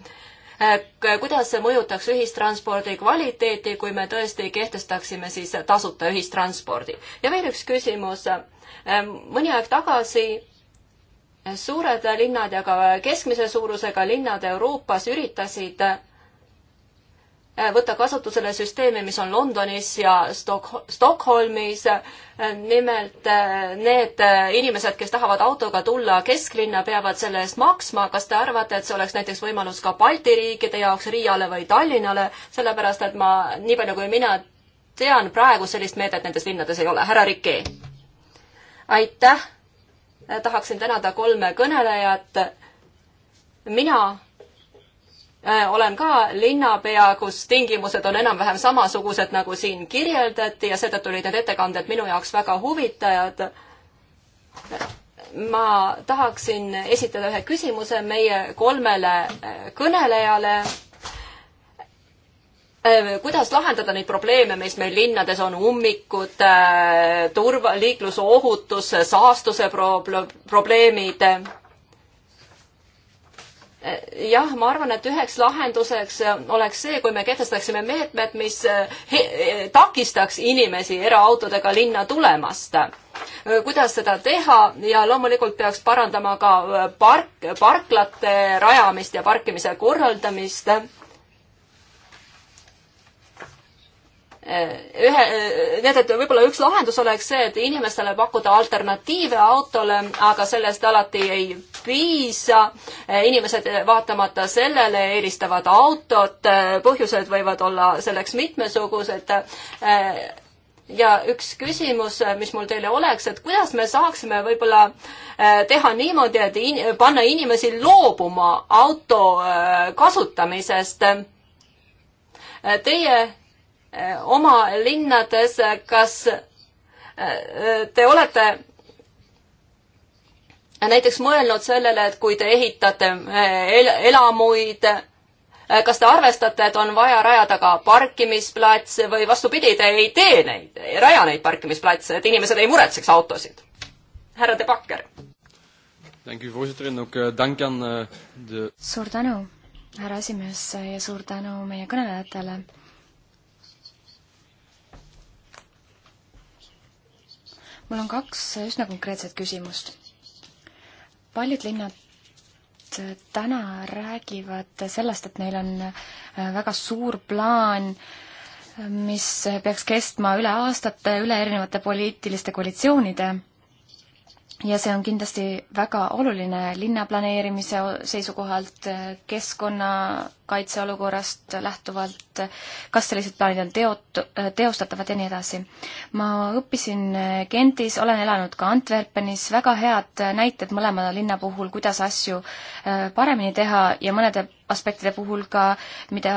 Äh, kuidas see mõjutaks ühistranspordi kvaliteeti, kui me tõesti kehtestaksime siis tasuta ühistranspordi. ja veel üks küsimus. Äh, mõni aeg tagasi suured linnad ja ka keskmise suurusega linnad Euroopas üritasid äh, Äh, võtta kasutusele süsteemi, mis on Londonis ja Stok-, Stockholmis. nimelt äh, need äh, inimesed, kes tahavad autoga tulla kesklinna, peavad selle eest maksma. kas te arvate, et see oleks näiteks võimalus ka Balti riikide jaoks, Riiale või Tallinnale, sellepärast et ma, nii palju kui mina tean, praegu sellist meedet nendes linnades ei ole. härra Rikki. aitäh. tahaksin tänada kolme kõnelejat. mina Äh, olen ka linnapea, kus tingimused on enam-vähem samasugused, nagu siin kirjeldati ja seetõttu olid need ettekanded minu jaoks väga huvitavad. ma tahaksin esitada ühe küsimuse meie kolmele äh, kõnelejale. Äh, kuidas lahendada neid probleeme, mis meil linnades on, ummikud, turva, liiklusohutus, saastuse pro-, probleemid jah, ma arvan, et üheks lahenduseks oleks see, kui me kehtestaksime meetmed, mis eh, eh, takistaks inimesi eraautodega linna tulemast. kuidas seda teha ja loomulikult peaks parandama ka eh, park, parklate rajamist ja parkimise korraldamist ühe, nii et, et võib-olla üks lahendus oleks see, et inimestele pakkuda alternatiive autole, aga sellest alati ei piisa. inimesed vaatamata sellele eelistavad autot, põhjused võivad olla selleks mitmesugused. ja üks küsimus, mis mul teile oleks, et kuidas me saaksime võib-olla eh, teha niimoodi, et in, panna inimesi loobuma auto eh, kasutamisest. Teie Äh, oma linnades, kas äh, te olete näiteks mõelnud sellele, et kui te ehitate äh, el elamuid, kas te arvestate, et on vaja rajada ka parkimisplatse või vastupidi, te ei tee neid, ei raja neid parkimisplatse, et inimesed ei muretseks autosid? härra De Backer. Eh, eh, suur tänu, härra esimees ja suur tänu meie kõnelejatele mul on kaks üsna konkreetset küsimust. paljud linnad täna räägivad sellest, et neil on äh, väga suur plaan, mis peaks kestma üle aastate, üle erinevate poliitiliste koalitsioonide ja see on kindlasti väga oluline linnaplaneerimise seisukohalt, keskkonnakaitse olukorrast lähtuvalt, kas sellised plaanid on teot-, teostatavad ja nii edasi. ma õppisin Gentis, olen elanud ka Antwerpenis, väga head näited mõlema linna puhul, kuidas asju äh, paremini teha ja mõnede aspektide puhul ka, mida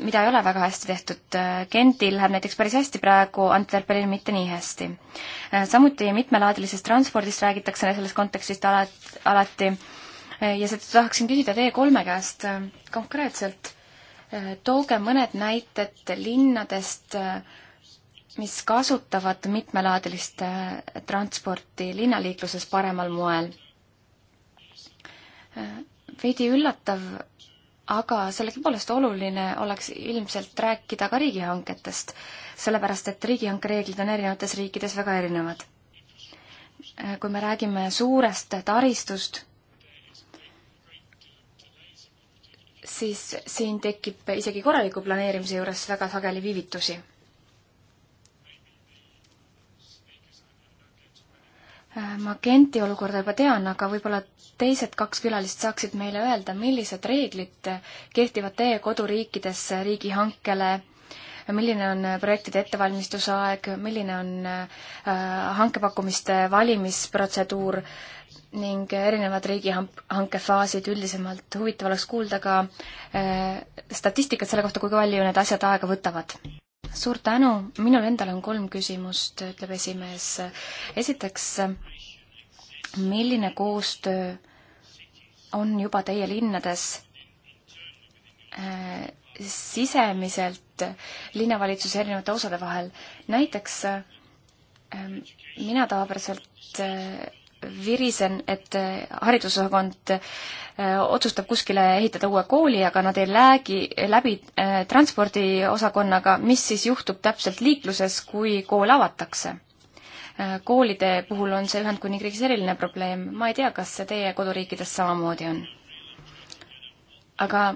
mida ei ole väga hästi tehtud. Äh, Gentil läheb näiteks päris hästi praegu, Antwerpenil mitte nii hästi. Äh, samuti mitmelaadilisest transpordist räägitakse selles kontekstis alati äh, ja seda tahaksin küsida teie kolme käest konkreetselt. tooge mõned näited linnadest, mis kasutavad mitmelaadilist transporti linnaliikluses paremal moel. veidi üllatav aga sellegipoolest oluline oleks ilmselt rääkida ka riigihanketest, sellepärast et riigihanke reeglid on erinevates riikides väga erinevad. kui me räägime suurest taristust, siis siin tekib isegi korraliku planeerimise juures väga sageli viivitusi. Äh, ma Genti olukorda juba tean, aga võib-olla teised kaks külalist saaksid meile öelda, millised reeglid kehtivad teie koduriikides riigihankele, milline on projektide ettevalmistuse aeg, milline on äh, hankepakkumiste valimisprotseduur ning erinevad riigihanke faasid üldisemalt. huvitav oleks kuulda ka äh, statistikat selle kohta, kui palju need asjad aega võtavad suur tänu, minul endal on kolm küsimust, ütleb esimees. esiteks, milline koostöö on juba teie linnades äh, sisemiselt linnavalitsuse erinevate osade vahel. näiteks äh, mina tavapäraselt äh, virisen, et äh, haridusosakond äh, otsustab kuskile ehitada uue kooli, aga nad ei läägi läbi äh, transpordiosakonnaga, mis siis juhtub täpselt liikluses, kui kool avatakse. koolide puhul on see Ühendkuningriigis eriline probleem, ma ei tea, kas see teie koduriikides samamoodi on. aga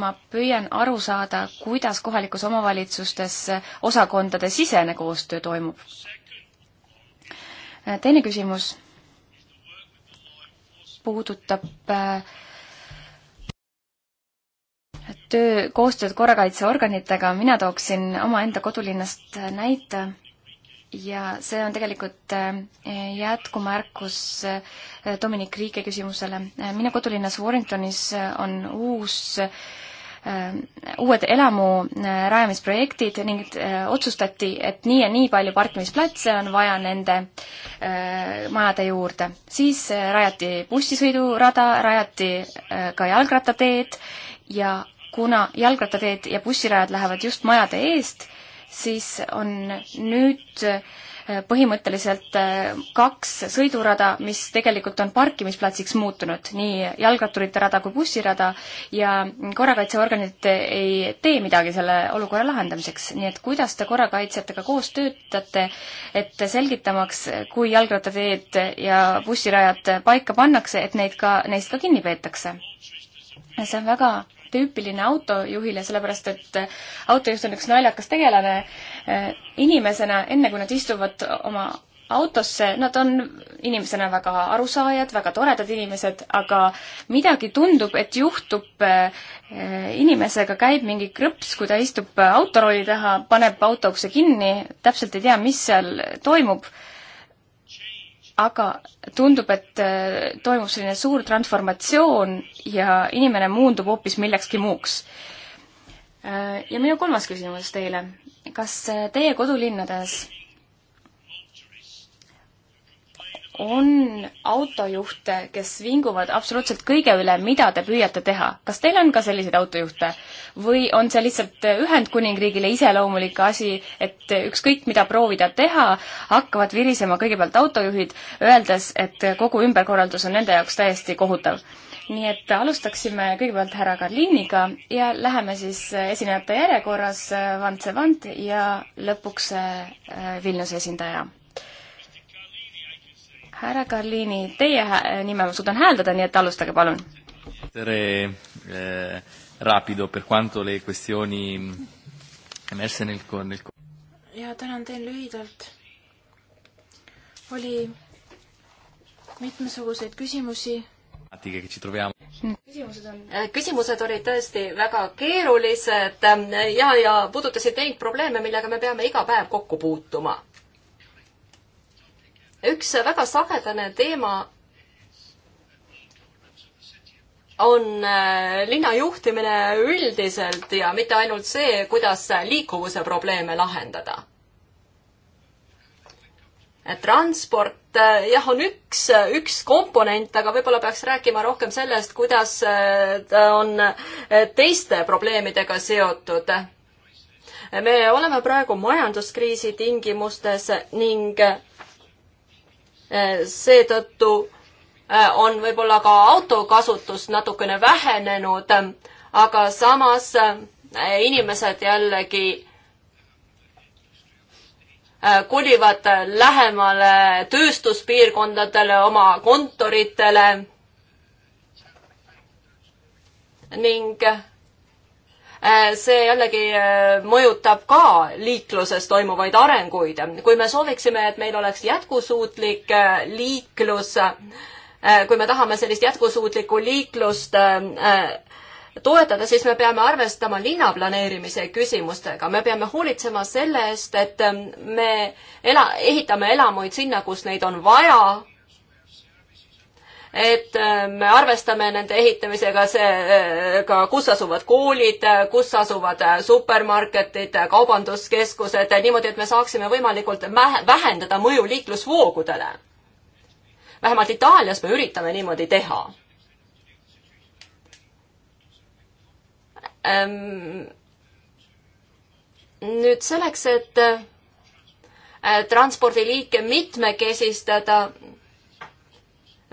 ma püüan aru saada, kuidas kohalikus omavalitsustes osakondade sisene koostöö toimub Äh, teine küsimus puudutab äh, töö, koostööd korrakaitseorganitega, mina tooksin omaenda kodulinnast näite ja see on tegelikult äh, jätkumärkus Dominic Riike küsimusele. minu kodulinnas Warringtonis on uus Äh, uued elamu äh, rajamisprojektid ning äh, otsustati, et nii ja nii palju parkimisplatse on vaja nende majade juurde. siis rajati bussisõidurada, rajati ka jalgrattateed ja kuna jalgrattateed ja bussirajad lähevad just majade eest, siis on nüüd äh, Äh, põhimõtteliselt äh, kaks sõidurada, mis tegelikult on parkimisplatsiks muutunud, nii jalgratturite rada kui bussirada, ja korrakaitseorganid ei tee midagi selle olukorra lahendamiseks. nii et kuidas te korrakaitsjatega koos töötate, et selgitamaks, kui jalgrattateed ja bussirajad paika pannakse, et neid ka, neist ka kinni peetakse? see on väga tüüpiline autojuhile, sellepärast et autojuht on üks naljakas tegelane. inimesena, enne kui nad istuvad oma autosse, nad on inimesena väga arusaajad, väga toredad inimesed, aga midagi tundub, et juhtub eh, inimesega, käib mingi krõps, kui ta istub autorooli taha, paneb autoukse kinni, täpselt ei tea, mis seal toimub aga tundub, et äh, toimub selline suur transformatsioon ja inimene muundub hoopis millekski muuks. Äh, ja minu kolmas küsimus teile. kas äh, teie kodulinnades on autojuhte, kes vinguvad absoluutselt kõige üle, mida te püüate teha. kas teil on ka selliseid autojuhte või on see lihtsalt Ühendkuningriigile iseloomulik asi, et ükskõik, mida proovida teha, hakkavad virisema kõigepealt autojuhid, öeldes, et kogu ümberkorraldus on nende jaoks täiesti kohutav nii et alustaksime kõigepealt härra Karliniga ja läheme siis esinejate järjekorras Vant Sevant ja lõpuks äh, Vilniuse esindaja härra Karliini, teie eh, nime ma suudan hääldada, nii et alustage, palun. tere eh,, rapido per quanto le questioni emerse nel con-. ja tänan teid lühidalt. oli mitmesuguseid küsimusi küsimused on? Äh, küsimused olid tõesti väga keerulised äh, ja, ja puudutasid neid probleeme, millega me peame iga päev kokku puutuma üks väga sagedane teema on äh, linna juhtimine üldiselt ja mitte ainult see, kuidas liikuvuse probleeme lahendada. transport äh, jah, on üks, üks komponent, aga võib-olla peaks rääkima rohkem sellest, kuidas äh, ta on teiste probleemidega seotud. me oleme praegu majanduskriisi tingimustes ning Eh, seetõttu eh, on võib-olla ka autokasutus natukene vähenenud, aga samas eh, inimesed jällegi kolivad lähemale tööstuspiirkondadele, oma kontoritele ning Äh, see jällegi äh, mõjutab ka liikluses toimuvaid arenguid. kui me sooviksime, et meil oleks jätkusuutlik äh, liiklus, kui me tahame sellist jätkusuutlikku liiklust toetada, siis me peame arvestama linnaplaneerimise küsimustega, me peame hoolitsema selle eest, et me ela, ehitame elamuid sinna, kus neid on vaja et ähm, me arvestame nende ehitamisega, see äh, ka, kus asuvad koolid, kus asuvad äh, supermarketid, kaubanduskeskused, niimoodi, et me saaksime võimalikult vähendada mõju liiklusvoogudele. vähemalt Itaalias me üritame niimoodi teha ähm,. nüüd selleks, et äh, transpordiliike mitmekesistada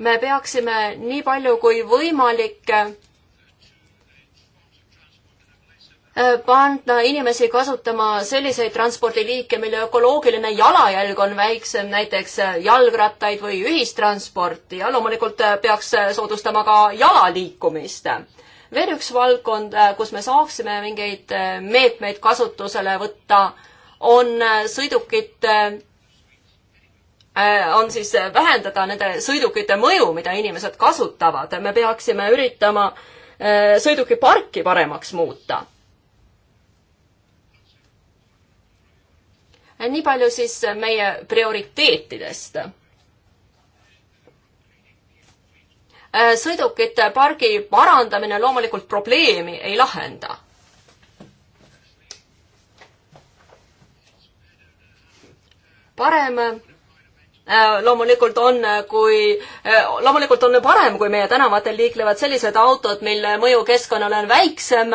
me peaksime nii palju kui võimalik äh, panna inimesi kasutama selliseid transpordiliike, mille ökoloogiline jalajälg on väiksem, näiteks äh, jalgrattaid või ühistransporti ja loomulikult äh, peaks soodustama ka jalaliikumist. veel üks valdkond, kus me saaksime mingeid meetmeid kasutusele võtta, on sõidukite Äh, on siis vähendada nende sõidukite mõju, mida inimesed kasutavad. me peaksime üritama äh, sõidukiparki paremaks muuta. Äh, nii palju siis meie prioriteetidest sõidukite pargi parandamine loomulikult probleemi ei lahenda. parem Äh, loomulikult on, äh, kui, äh, loomulikult on parem, kui meie tänavatel liiklevad sellised autod, mille mõju keskkonnale on väiksem.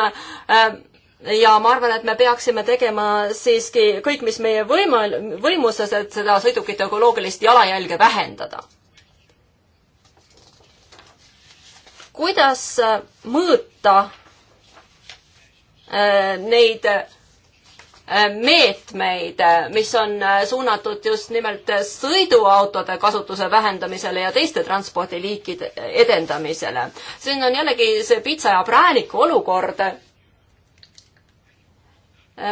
ja ma arvan, et me peaksime tegema siiski kõik, mis meie võima-, võimuses, et seda sõidukite ökoloogilist jalajälge vähendada. kuidas mõõta neid meetmeid, mis on suunatud just nimelt sõiduautode kasutuse vähendamisele ja teiste transpordiliikide edendamisele. siin on jällegi see pitsa ja prääniku olukord.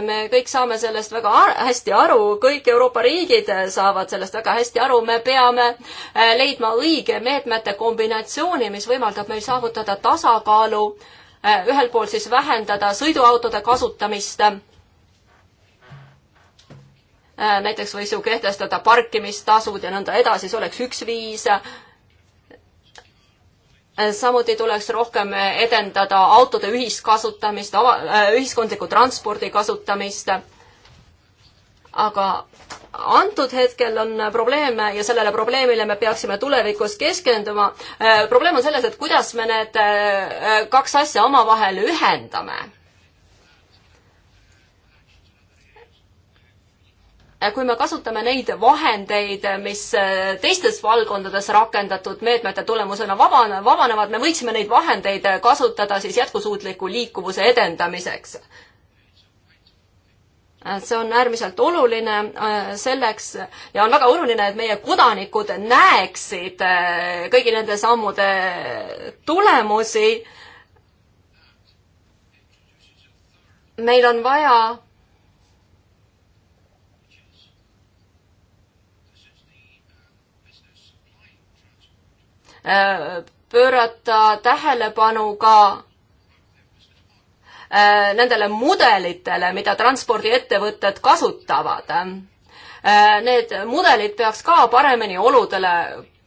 me kõik saame sellest väga hästi aru, kõik Euroopa riigid saavad sellest väga hästi aru, me peame eh, leidma õige meetmete kombinatsiooni, mis võimaldab meil saavutada tasakaalu eh, ühelt poolt siis vähendada sõiduautode kasutamist Äh, näiteks võis ju kehtestada parkimistasud ja nõnda edasi, see oleks üks viis. Äh, samuti tuleks rohkem edendada autode ühiskasutamist, äh, ühiskondliku transpordi kasutamist. aga antud hetkel on probleem ja sellele probleemile me peaksime tulevikus keskenduma. probleem on selles, et kuidas me need kaks asja omavahel ühendame Äh, kui me kasutame neid vahendeid, mis äh, teistes valdkondades rakendatud meetmete tulemusena vabane, vabanevad, me võiksime neid vahendeid äh, kasutada siis jätkusuutliku liikuvuse edendamiseks. see on äärmiselt oluline selleks ja on väga oluline, et meie kodanikud näeksid kõigi nende sammude tulemusi. meil on vaja pöörata tähelepanu ka äh, nendele mudelitele, mida transpordiettevõtted kasutavad. Äh, need mudelid peaks ka paremini oludele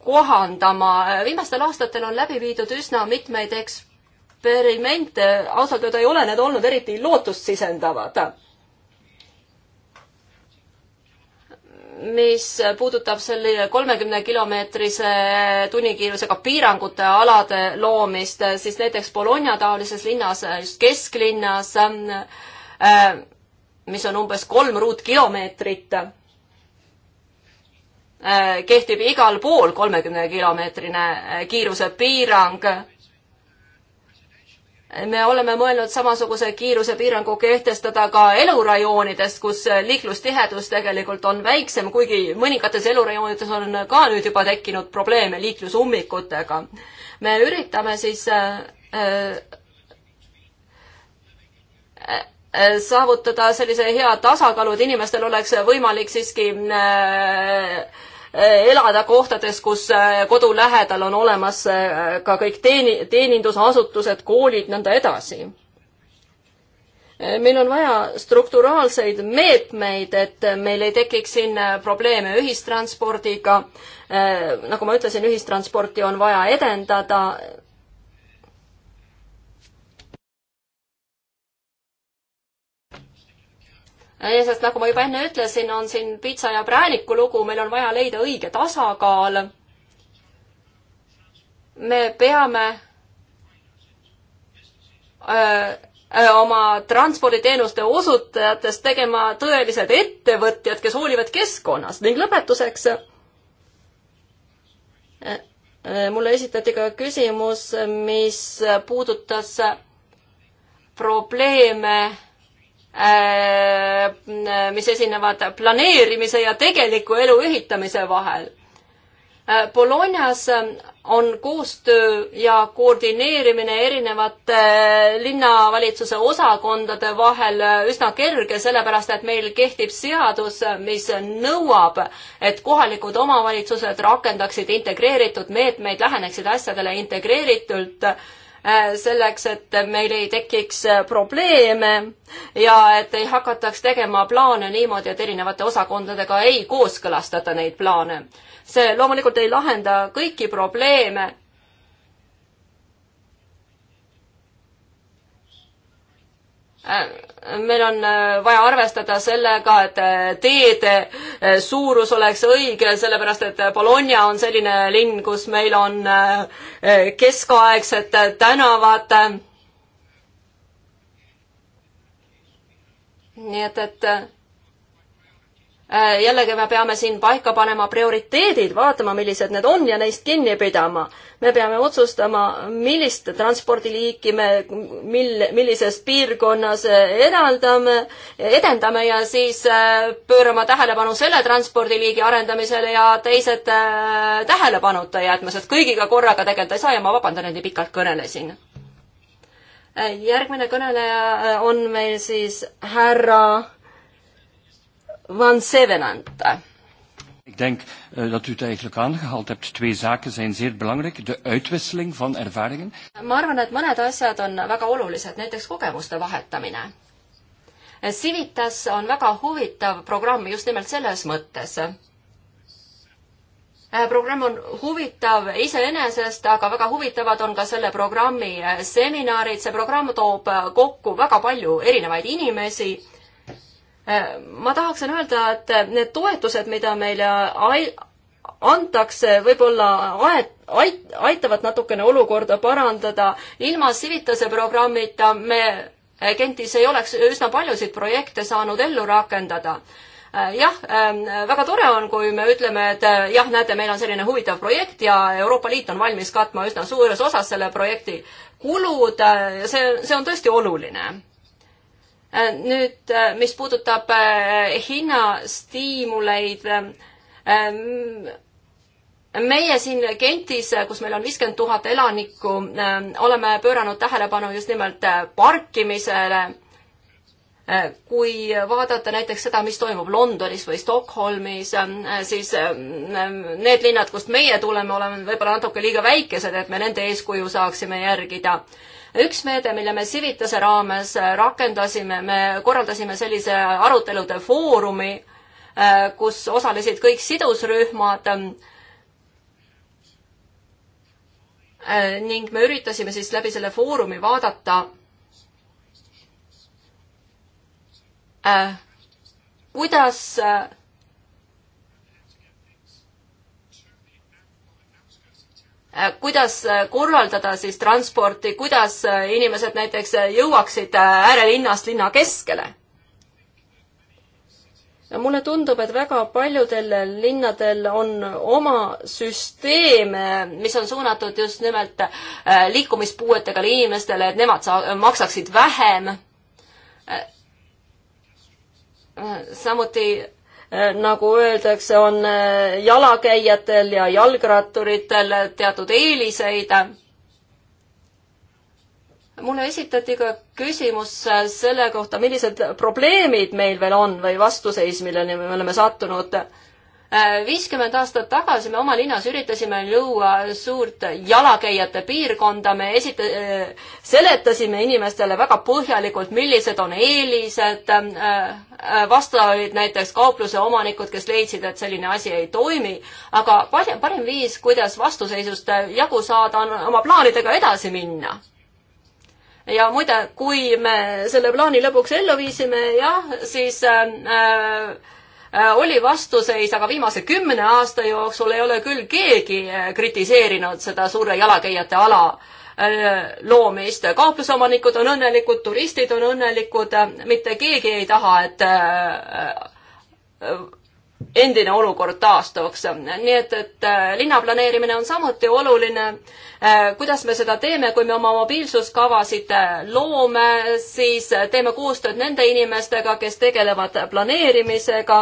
kohandama. Äh, viimastel aastatel on läbi viidud üsna mitmeid eksperimente, ausalt öelda ei ole need olnud eriti lootust sisendavad mis puudutab selle kolmekümne kilomeetrise tunnikiirusega piirangute alade loomist, siis näiteks Bologna taolises linnas, just kesklinnas, äh, mis on umbes kolm ruutkilomeetrit, äh, kehtib igal pool kolmekümne kilomeetrine äh, kiiruse piirang me oleme mõelnud samasuguse kiirusepiirangu kehtestada ka elurajoonidest, kus liiklustihedus tegelikult on väiksem, kuigi mõningates elurajoonides on ka nüüd juba tekkinud probleeme liiklusummikutega. me üritame siis äh, äh, äh, saavutada sellise hea tasakaalu, et inimestel oleks võimalik siiski Eh, elada kohtades, kus eh, kodu lähedal on olemas eh, ka kõik teeni-, teenindusasutused, koolid, nõnda edasi meil on vaja strukturaalseid meetmeid, et meil ei tekiks siin probleeme ühistranspordiga. nagu ma ütlesin, ühistransporti on vaja edendada sest nagu ma juba enne ütlesin, on siin pitsa ja prääniku lugu, meil on vaja leida õige tasakaal. me peame öö, oma transporditeenuste osutajatest tegema tõelised ettevõtjad, kes hoolivad keskkonnast ning lõpetuseks mulle esitati ka küsimus, mis puudutas probleeme Äh, mis esinevad planeerimise ja tegeliku elu ehitamise vahel. Äh, Bolognas äh, on koostöö ja koordineerimine erinevate linnavalitsuse osakondade vahel üsna kerge, sellepärast et meil kehtib seadus, mis nõuab, et kohalikud omavalitsused rakendaksid integreeritud meetmeid, läheneksid asjadele integreeritult Äh, selleks, et meil ei tekiks äh, probleeme ja et ei hakataks tegema plaane niimoodi, et erinevate osakondadega ei kooskõlastata neid plaane. see loomulikult ei lahenda kõiki probleeme Äh, meil on äh, vaja arvestada sellega, et äh, teede suurus oleks õige, sellepärast et Bologna on selline linn, kus meil on keskaegsed tänavad. nii et, et Äh, jällegi me peame siin paika panema prioriteedid, vaatama, millised need on ja neist kinni pidama. me peame otsustama, millist transpordiliiki me mil-, millises piirkonnas eraldame, edendame ja siis äh, pöörama tähelepanu selle transpordiliigi arendamisele ja teised äh, tähelepanuta jätma, sest kõigiga korraga tegeleda ei saa ja ma vabandan, et nii pikalt kõnelesin. järgmine kõneleja on meil siis härra Van Sevenant. Ik denk uh, dat u het eigenlijk aangehaald hebt. Twee zaken zijn zeer belangrijk. De uitwisseling van ervaringen. Ma arvan, et mõned asjad on väga olulised, näiteks kogemuste vahetamine. Civitas on väga huvitav programm just nimelt selles mõttes. Äh, programm on huvitav iseenesest, aga väga huvitavad on ka selle programmi seminarid. see programm toob kokku väga palju erinevaid inimesi ma tahaksin öelda, et need toetused, mida meile antakse, võib-olla aet-, ait-, aitavad natukene olukorda parandada. ilma Civitase programmita me Gentis ei oleks üsna paljusid projekte saanud ellu rakendada jah, ähm, väga tore on, kui me ütleme, et äh, jah, näete, meil on selline huvitav projekt ja Euroopa Liit on valmis katma üsna suures osas selle projekti kulud äh, ja see, see on tõesti oluline Äh, nüüd, äh, mis puudutab äh, hinnastiimuleid, meie siin Gentis, kus meil on viiskümmend tuhat elanikku, oleme pööranud tähelepanu just nimelt parkimisele. kui vaadata näiteks seda, mis toimub Londonis või Stockholmis, siis need linnad, kust meie tuleme, oleme võib-olla natuke liiga väikesed, et me nende eeskuju saaksime järgida üks meede, mille me Civitase raames äh, rakendasime, me korraldasime sellise arutelude foorumi, äh, kus osalesid kõik sidusrühmad ähm, äh, ning me üritasime siis läbi selle foorumi vaadata, kuidas Äh, kuidas äh, korraldada siis transporti, kuidas äh, inimesed näiteks jõuaksid äärelinnast linna keskele? no mulle tundub, et väga paljudel linnadel on oma süsteeme, mis on suunatud just nimelt liikumispuuetega inimestele, et nemad saa-, maksaksid vähem. samuti Äh, nagu öeldakse, on äh, jalakäijatel ja jalgratturitel teatud eeliseid. mulle esitati ka küsimus äh, selle kohta, millised probleemid meil veel on või vastuseis, milleni me oleme sattunud Äh, viiskümmend aastat tagasi me oma linnas üritasime luua suurt jalakäijate piirkonda, me esita-, äh, seletasime inimestele väga põhjalikult, millised on eelised, äh, vastu olid näiteks kaupluse omanikud, kes leidsid, et selline asi ei toimi, aga parim, parim viis, kuidas vastuseisust jagu saada, on oma plaanidega edasi minna ja muide, kui me selle plaani lõpuks ellu viisime, jah, siis äh, Äh, oli vastuseis, aga viimase kümne aasta jooksul ei ole küll keegi äh, kritiseerinud seda suure jalakäijate ala äh, loomist. kaupluseomanikud on õnnelikud, turistid on õnnelikud, mitte keegi ei taha, et endine olukord taastuks. nii et, et äh, linnaplaneerimine on samuti oluline. Äh, kuidas me seda teeme, kui me oma mobiilsuskavasid äh, loome, siis teeme koostööd nende inimestega, kes tegelevad planeerimisega.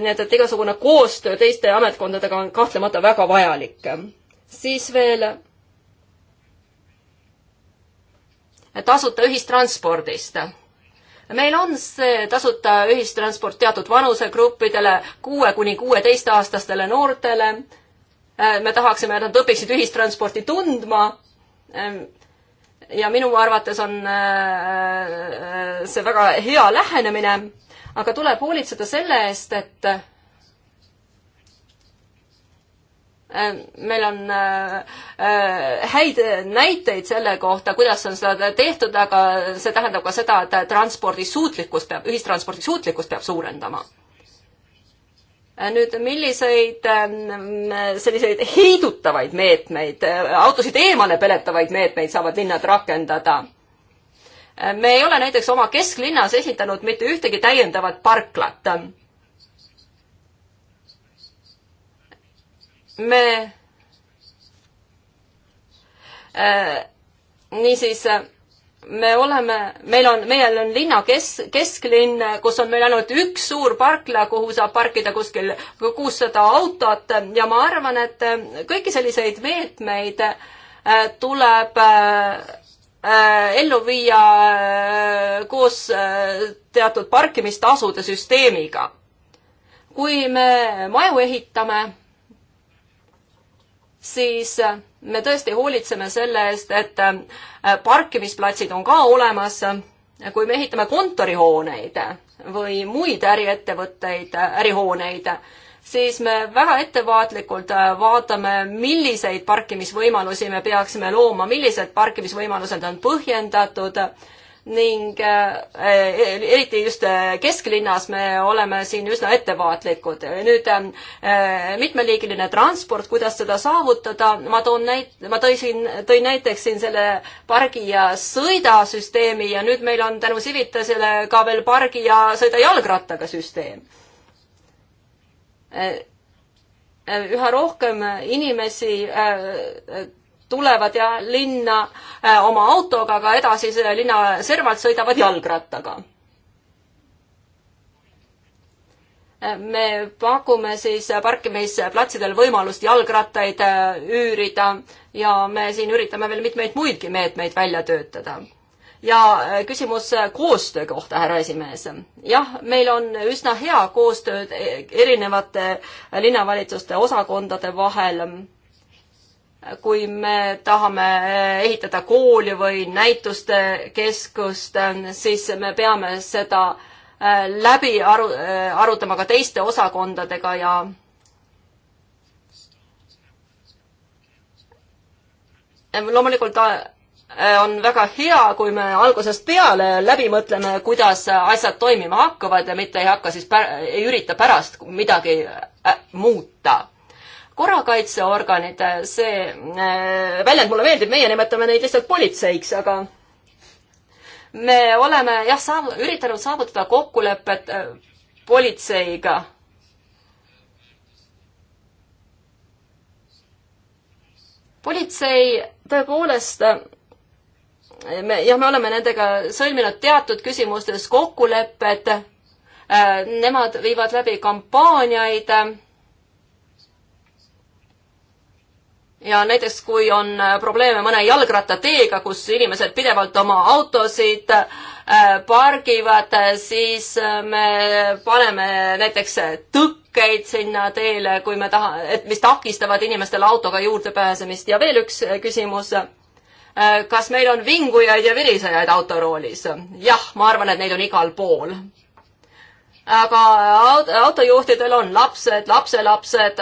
nii et, et igasugune koostöö teiste ametkondadega on kahtlemata väga vajalik. siis veel tasuta ühistranspordist meil on see tasuta ühistransport teatud vanusegruppidele, kuue kuni kuueteistaastastele noortele. Äh, me tahaksime, et nad õpiksid ühistransporti tundma. Ähm, ja minu arvates on äh, äh, see väga hea lähenemine, aga tuleb hoolitseda selle eest, et Äh, meil on äh, äh, häid näiteid selle kohta, kuidas on seda tehtud, aga see tähendab ka seda, et transpordi suutlikkus peab, ühistranspordi suutlikkust peab suurendama. nüüd, milliseid ähm, selliseid heidutavaid meetmeid, autosid eemale peletavaid meetmeid saavad linnad rakendada? me ei ole näiteks oma kesklinnas esitanud mitte ühtegi täiendavat parklat me äh, niisiis äh, me oleme, meil on, meil on linna kes-, kesklinn, kus on meil ainult üks suur parkla, kuhu saab parkida kuskil kuussada autot ja ma arvan, et äh, kõiki selliseid meetmeid äh, tuleb ellu viia koos teatud parkimistasude süsteemiga. kui me maju ehitame siis äh, me tõesti hoolitseme selle eest, et äh, parkimisplatsid on ka olemas. kui me ehitame kontorihooneid või muid äriettevõtteid, äh, ärihooneid, siis me väga ettevaatlikult vaatame, milliseid parkimisvõimalusi me peaksime looma, millised parkimisvõimalused on põhjendatud ning äh, e, eriti just äh, kesklinnas me oleme siin üsna ettevaatlikud. nüüd ähm, äh, mitmeliigiline transport, kuidas seda saavutada, ma toon näit-, ma tõin, tõin näiteks siin selle pargi ja sõida süsteemi ja nüüd meil on tänu Civitasele ka veel pargi ja sõida jalgrattaga süsteem. üha rohkem inimesi tulevad ja linna äh, oma autoga, aga edasi linna servalt sõidavad jalgrattaga. me pakume siis parkimisplatsidel võimalust jalgrattaid äh, üürida ja me siin üritame veel mitmeid muidki meetmeid välja töötada ja äh, küsimus koostöö kohta, härra esimees. jah, meil on üsna hea koostöö e-, erinevate linnavalitsuste osakondade vahel kui me tahame ehitada kooli või näituste keskust, siis me peame seda äh, läbi aru, äh, arutama ka teiste osakondadega ja loomulikult äh, on väga hea, kui me algusest peale läbi mõtleme, kuidas asjad toimima hakkavad ja mitte ei hakka siis, ei ürita pärast midagi muuta korrakaitseorganid, see äh, väljend mulle meeldib, meie nimetame neid lihtsalt politseiks, aga me oleme jah, saav-, üritanud saavutada kokkulepet äh, politseiga. politsei tõepoolest äh, me, jah, me oleme nendega sõlminud teatud küsimustes kokkulepped, nemad viivad läbi kampaaniaid ja näiteks kui on äh, probleeme mõne jalgrattateega, kus inimesed pidevalt oma autosid äh, pargivad, äh, siis me paneme näiteks tõkkeid sinna teele, kui me taha, et mis takistavad inimestele autoga juurdepääsemist ja veel üks küsimus. kas meil on vingujaid ja virisejaid autoroolis? jah, ma arvan, et neid on igal pool. aga autojuhtidel on lapsed, lapselapsed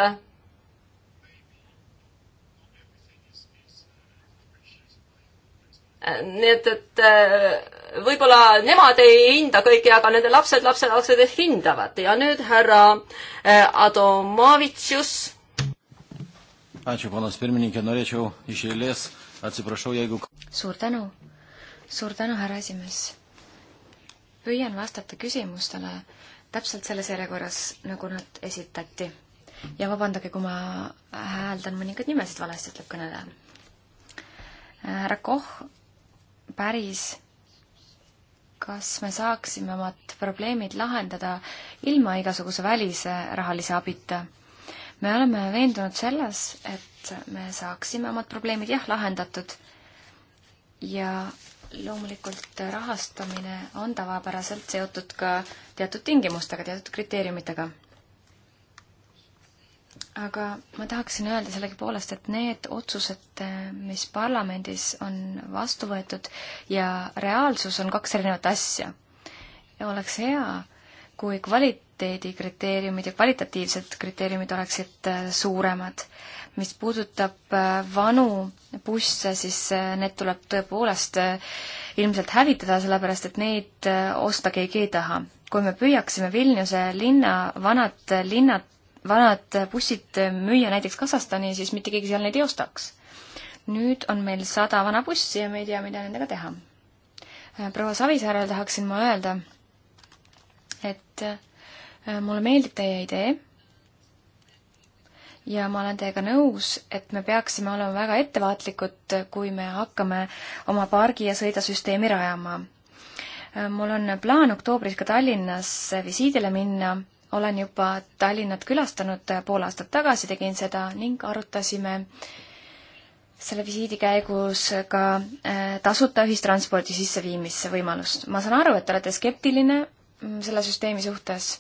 nii et, et äh, võib-olla nemad ei hinda kõike, aga nende lapsed, lapselapsed hindavad ja nüüd härra äh, Adomavitšus. suur tänu, suur tänu, härra esimees. püüan vastata küsimustele täpselt selles järjekorras, nagu nad esitati. ja vabandage, kui ma hääldan mõningaid nimesid valesti, ütleb kõneleja. Äh, härra Koh päris, kas me saaksime omad probleemid lahendada ilma igasuguse välise rahalise abita. me oleme veendunud selles, et me saaksime omad probleemid jah, lahendatud ja loomulikult rahastamine on tavapäraselt seotud ka teatud tingimustega, teatud kriteeriumitega aga ma tahaksin öelda sellegipoolest, et need otsused, äh, mis parlamendis on vastu võetud ja reaalsus on kaks erinevat asja. ja oleks hea, kui kvaliteedikriteeriumid ja kvalitatiivsed kriteeriumid oleksid äh, suuremad. mis puudutab äh, vanu busse, siis need tuleb tõepoolest ilmselt hävitada, sellepärast et neid osta keegi ei taha. kui me püüaksime Vilniuse linna vanad linnad vanad bussid müüa näiteks Kasahstani, siis mitte keegi seal neid ei ostaks. nüüd on meil sada vana bussi ja me ei tea, mida nendega teha. proua Savisaarele tahaksin ma öelda, et äh, mulle meeldib teie idee ja ma olen teiega nõus, et me peaksime olema väga ettevaatlikud, kui me hakkame oma pargi- ja sõidasüsteemi rajama. Äh, mul on plaan oktoobris ka Tallinnas visiidile minna olen juba Tallinnat külastanud pool aastat tagasi, tegin seda ning arutasime selle visiidi käigus ka äh, tasuta ühistranspordi sisseviimise võimalust. ma saan aru, et te olete skeptiline mm, selle süsteemi suhtes,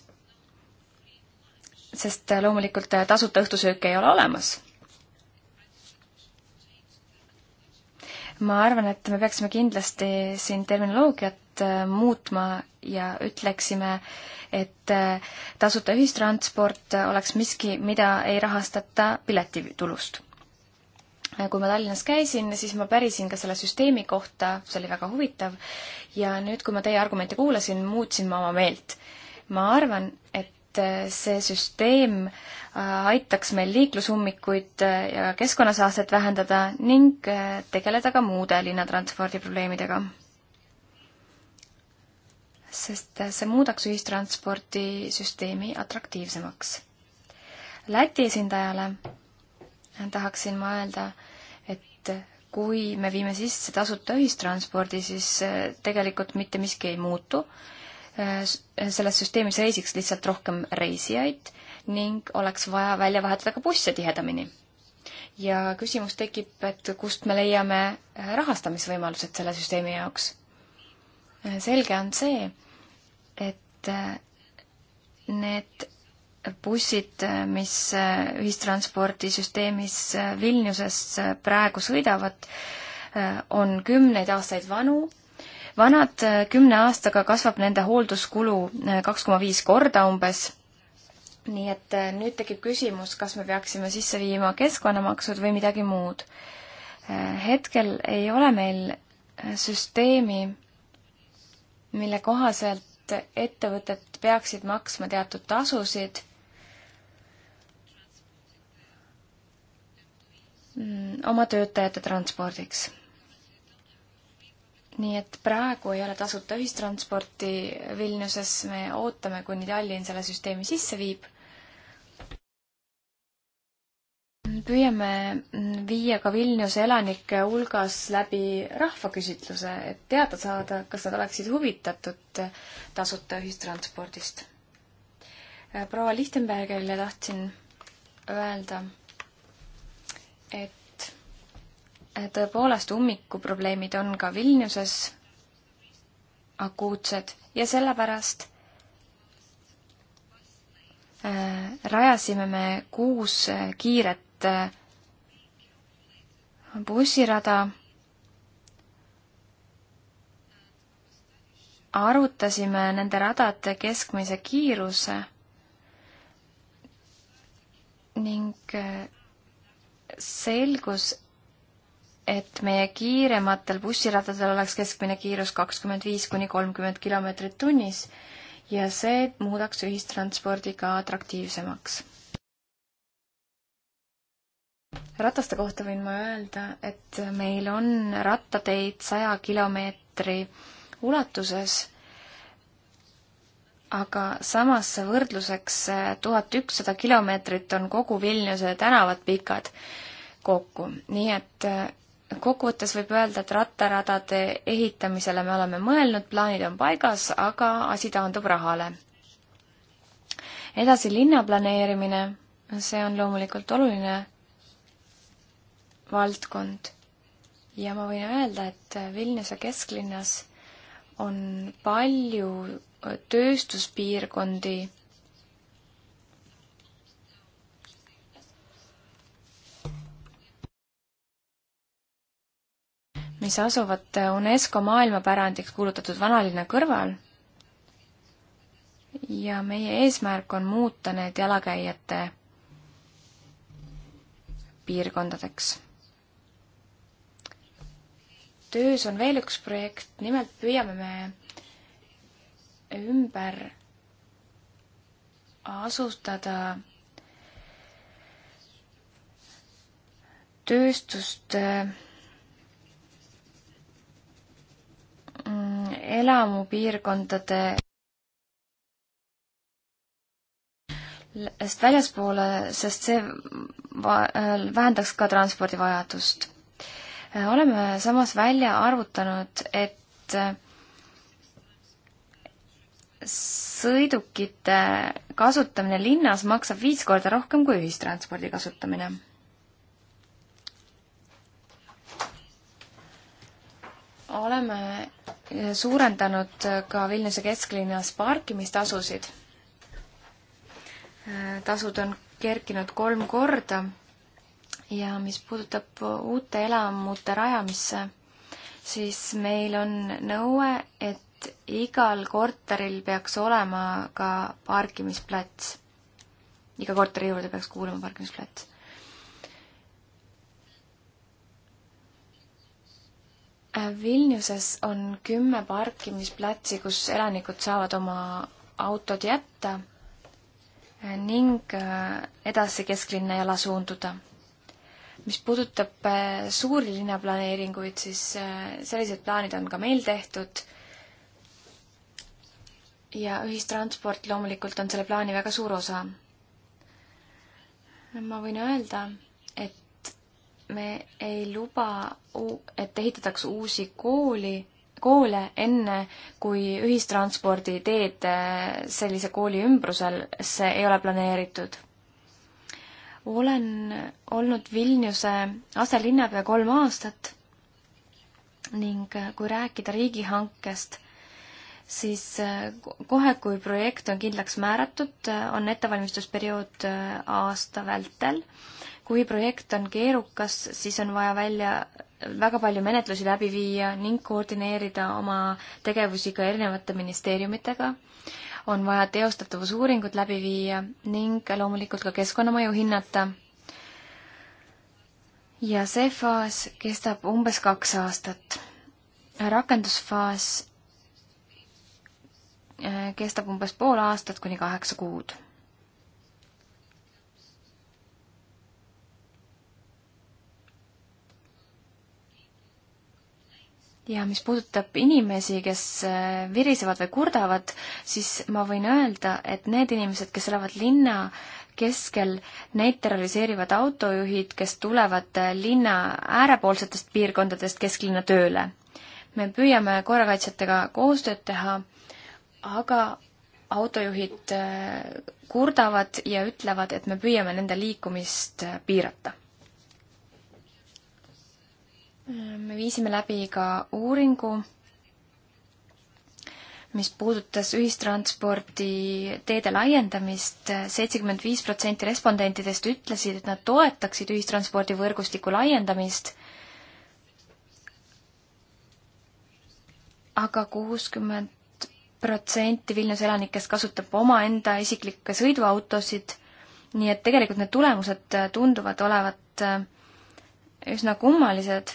sest äh, loomulikult äh, tasuta õhtusööki ei ole olemas. ma arvan, et me peaksime kindlasti siin terminoloogiat Äh, muutma ja ütleksime, et äh, tasuta ühistransport äh, oleks miski, mida ei rahastata piletitulust. kui ma Tallinnas käisin, siis ma pärisin ka selle süsteemi kohta, see oli väga huvitav, ja nüüd, kui ma teie argumente kuulasin, muutsin ma oma meelt. ma arvan, et see süsteem aitaks meil liiklusummikuid ja keskkonnasaastet vähendada ning tegeleda ka muude linnatranspordi probleemidega sest see muudaks ühistranspordisüsteemi atraktiivsemaks. Läti esindajale tahaksin ma öelda, et kui me viime sisse tasuta ühistranspordi, siis äh, tegelikult mitte miski ei muutu. Äh, selles süsteemis reisiks lihtsalt rohkem reisijaid ning oleks vaja välja vahetada ka busse tihedamini. ja küsimus tekib, et kust me leiame äh, rahastamisvõimalused selle süsteemi jaoks selge on see, et äh, need bussid, äh, mis äh, ühistranspordisüsteemis Vilniuses praegu sõidavad, on kümneid aastaid vanu vanad kümne aastaga kasvab nende hoolduskulu kaks koma viis korda umbes. nii et nüüd tekib küsimus, kas me peaksime sisse viima keskkonnamaksud või midagi muud. hetkel ei ole meil süsteemi mille kohaselt ettevõtted peaksid maksma teatud tasusid mm, oma töötajate transpordiks. nii et praegu ei ole tasuta ühistransporti Vilniuses, me ootame, kuni Tallinn selle süsteemi sisse viib püüame viia ka Vilniuse elanike hulgas läbi rahvaküsitluse, et teada saada, kas nad oleksid huvitatud tasuta ühistranspordist. proua Lichtenbergerile tahtsin öelda, et tõepoolest ummikuprobleemid on ka Vilniuses akuutsed ja sellepärast äh, rajasime me kuus kiiret et äh, bussirada arutasime nende radade keskmise kiiruse ning äh, selgus, et meie kiirematel bussiradadel oleks keskmine kiirus kakskümmend viis kuni kolmkümmend kilomeetrit tunnis ja see muudaks ühistranspordi ka atraktiivsemaks rataste kohta võin ma öelda, et meil on rattateid saja kilomeetri ulatuses, aga samas võrdluseks tuhat ükssada kilomeetrit on kogu Vilniuse tänavad pikad kokku, nii et äh, kokkuvõttes võib öelda, et rattaradade ehitamisele me oleme mõelnud, plaanid on paigas, aga asi taandub rahale. edasi linnaplaneerimine, see on loomulikult oluline valdkond ja ma võin öelda, et Vilniuse kesklinnas on palju äh, tööstuspiirkondi, mis asuvad äh, UNESCO maailmapärandiks kuulutatud vanalinna kõrval. ja meie eesmärk on muuta need jalakäijate piirkondadeks töös on veel üks projekt, nimelt püüame me ümber asustada tööstust mm, elamupiirkondade sest väljaspoole, sest see va-, vähendaks ka transpordivajadust Äh, oleme samas välja arvutanud, et äh, sõidukite kasutamine linnas maksab viis korda rohkem kui ühistranspordi kasutamine. oleme äh, suurendanud ka Vilniuse kesklinnas parkimistasusid. tasud on kerkinud kolm korda ja mis puudutab uute elamute rajamisse, siis meil on nõue, et igal korteril peaks olema ka parkimisplats. iga korteri juurde peaks kuuluma parkimisplats. Vilniuses on kümme parkimisplatsi, kus elanikud saavad oma autod jätta ning edasi kesklinna jala suunduda mis puudutab äh, suuri linnaplaneeringuid, siis äh, sellised plaanid on ka meil tehtud. ja ühistransport loomulikult on selle plaani väga suur osa. ma võin öelda, et me ei luba, et ehitatakse uusi kooli, koole enne, kui ühistransporditeed äh, sellise kooli ümbrusesse ei ole planeeritud olen olnud Vilniuse aselinnapea kolm aastat ning äh, kui rääkida riigihankest, siis äh, kohe, kui projekt on kindlaks määratud, äh, on ettevalmistusperiood aasta vältel. kui projekt on keerukas, siis on vaja välja väga palju menetlusi läbi viia ning koordineerida oma tegevusi ka erinevate ministeeriumitega on vaja teostatavusuuringut läbi viia ning loomulikult ka keskkonnamõju hinnata. ja see faas kestab umbes kaks aastat. rakendusfaas äh, kestab umbes pool aastat kuni kaheksa kuud ja mis puudutab inimesi, kes äh, virisevad või kurdavad, siis ma võin öelda, et need inimesed, kes elavad linna keskel, neid terroriseerivad autojuhid, kes tulevad äh, linna äärepoolsetest piirkondadest kesklinna tööle. me püüame korrakaitsjatega koostööd teha, aga autojuhid äh, kurdavad ja ütlevad, et me püüame nende liikumist piirata me viisime läbi ka uuringu, mis puudutas ühistranspordi teede laiendamist. seitsekümmend viis protsenti respondentidest ütlesid, et nad toetaksid ühistranspordivõrgustiku laiendamist aga. aga kuuskümmend protsenti Vilniuse elanikest kasutab omaenda isiklikke sõiduautosid, nii et tegelikult need tulemused tunduvad olevat äh, üsna kummalised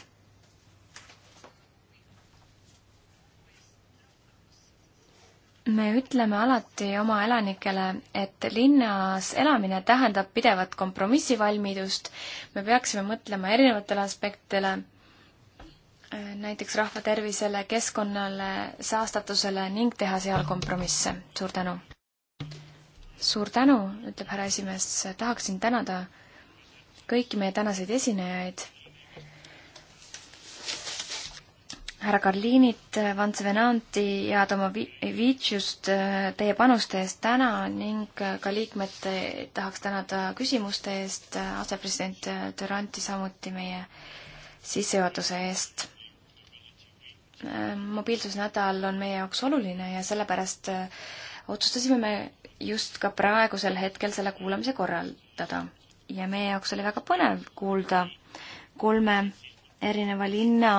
me ütleme alati oma elanikele, et linnas elamine tähendab pidevat kompromissivalmidust, me peaksime mõtlema erinevatele aspektidele, äh, näiteks rahva tervisele, keskkonnale, saastatusele ning teha seal kompromisse. suur tänu! suur tänu, ütleb härra esimees, tahaksin tänada kõiki meie tänaseid esinejaid härra Karliinit, äh, Vantsevenanti ja Tomovitšust äh, teie panuste eest täna ning äh, ka liikmed tahaks tänada küsimuste eest, asepresident Duranti samuti meie sissejuhatuse eest. mobiilsusnädal on meie jaoks oluline ja sellepärast otsustasime me just ka praegusel hetkel selle kuulamise korraldada. ja meie jaoks oli väga põnev kuulda kolme erineva linna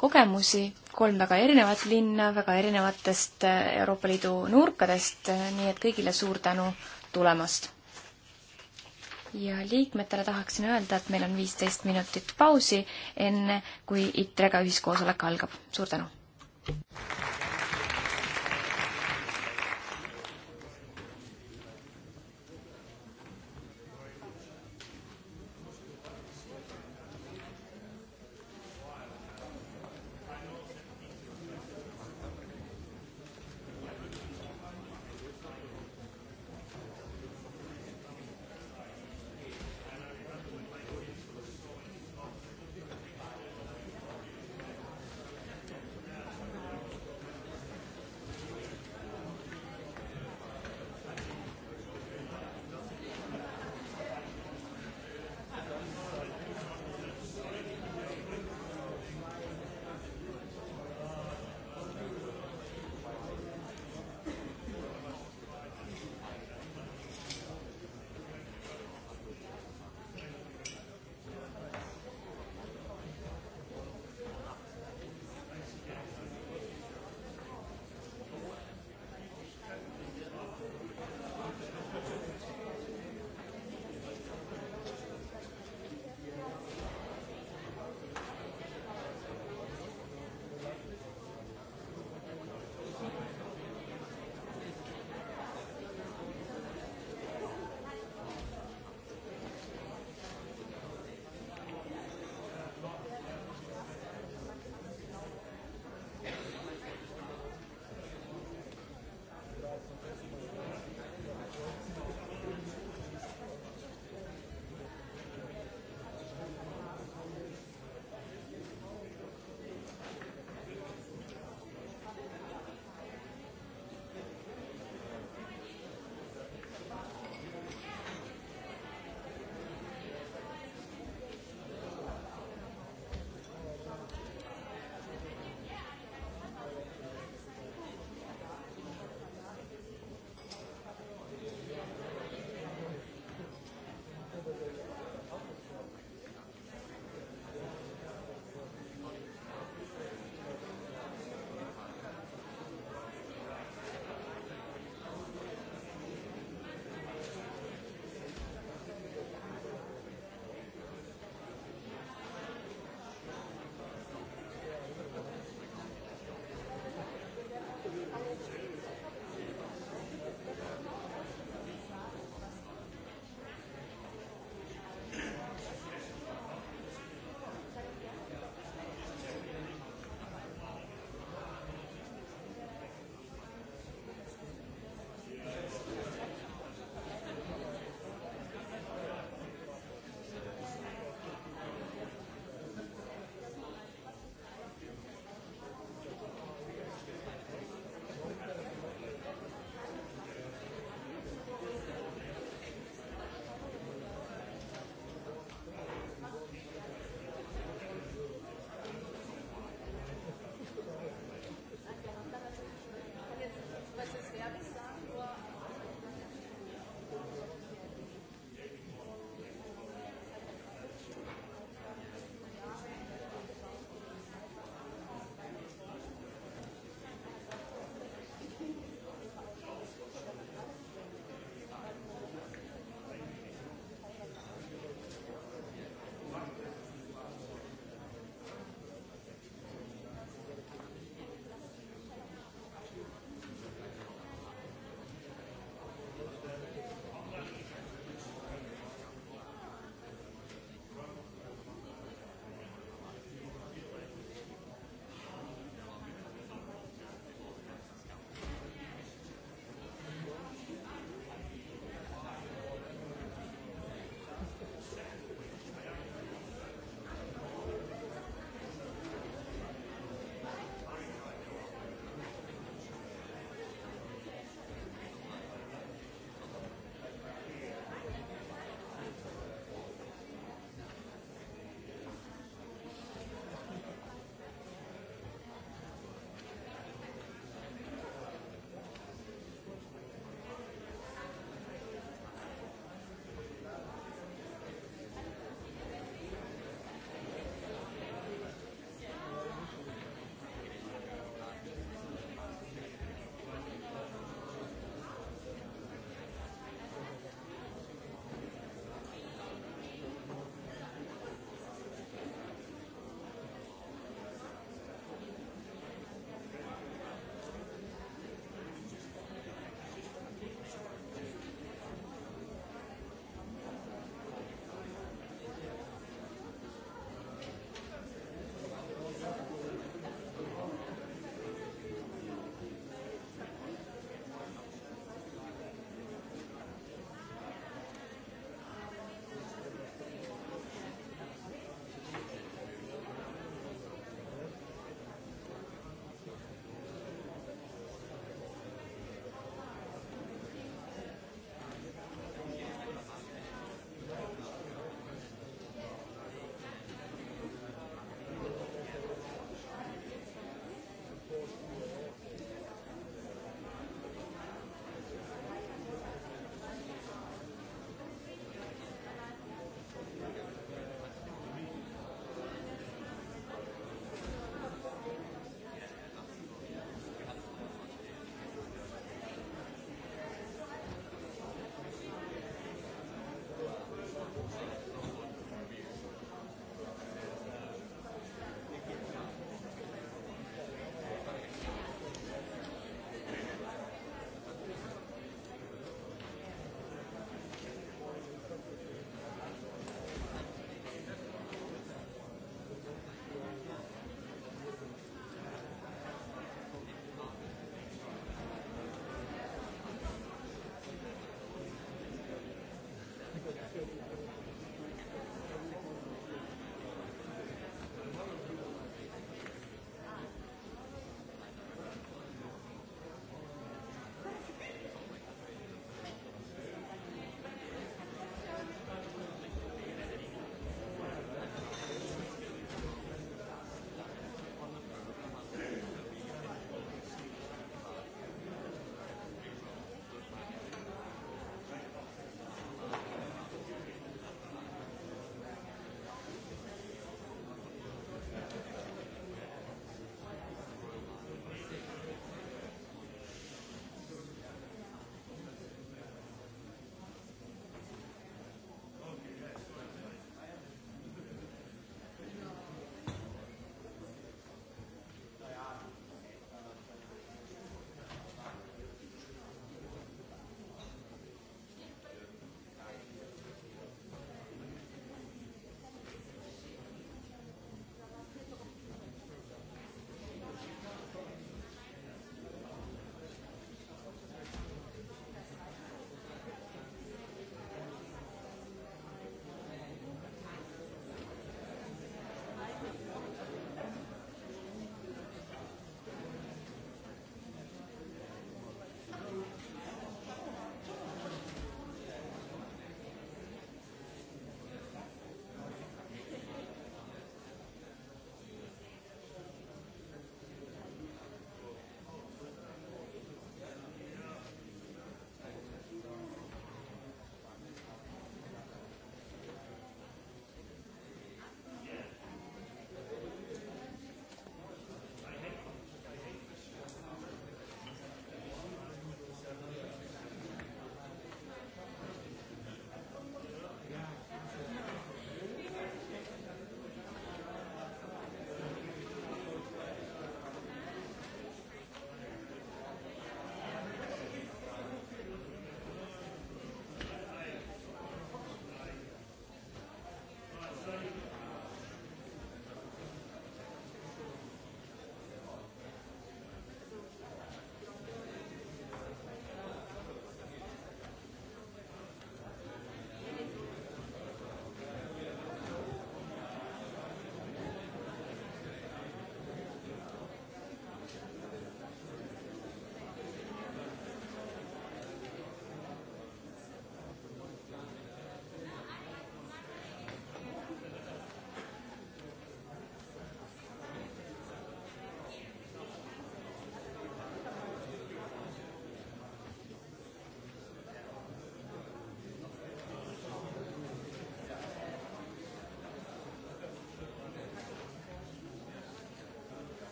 kogemusi, kolm väga erinevat linna väga erinevatest äh, Euroopa Liidu nurkadest, äh, nii et kõigile suur tänu tulemast! ja liikmetele tahaksin öelda, et meil on viisteist minutit pausi, enne kui ITREga ühiskoosolek algab. suur tänu!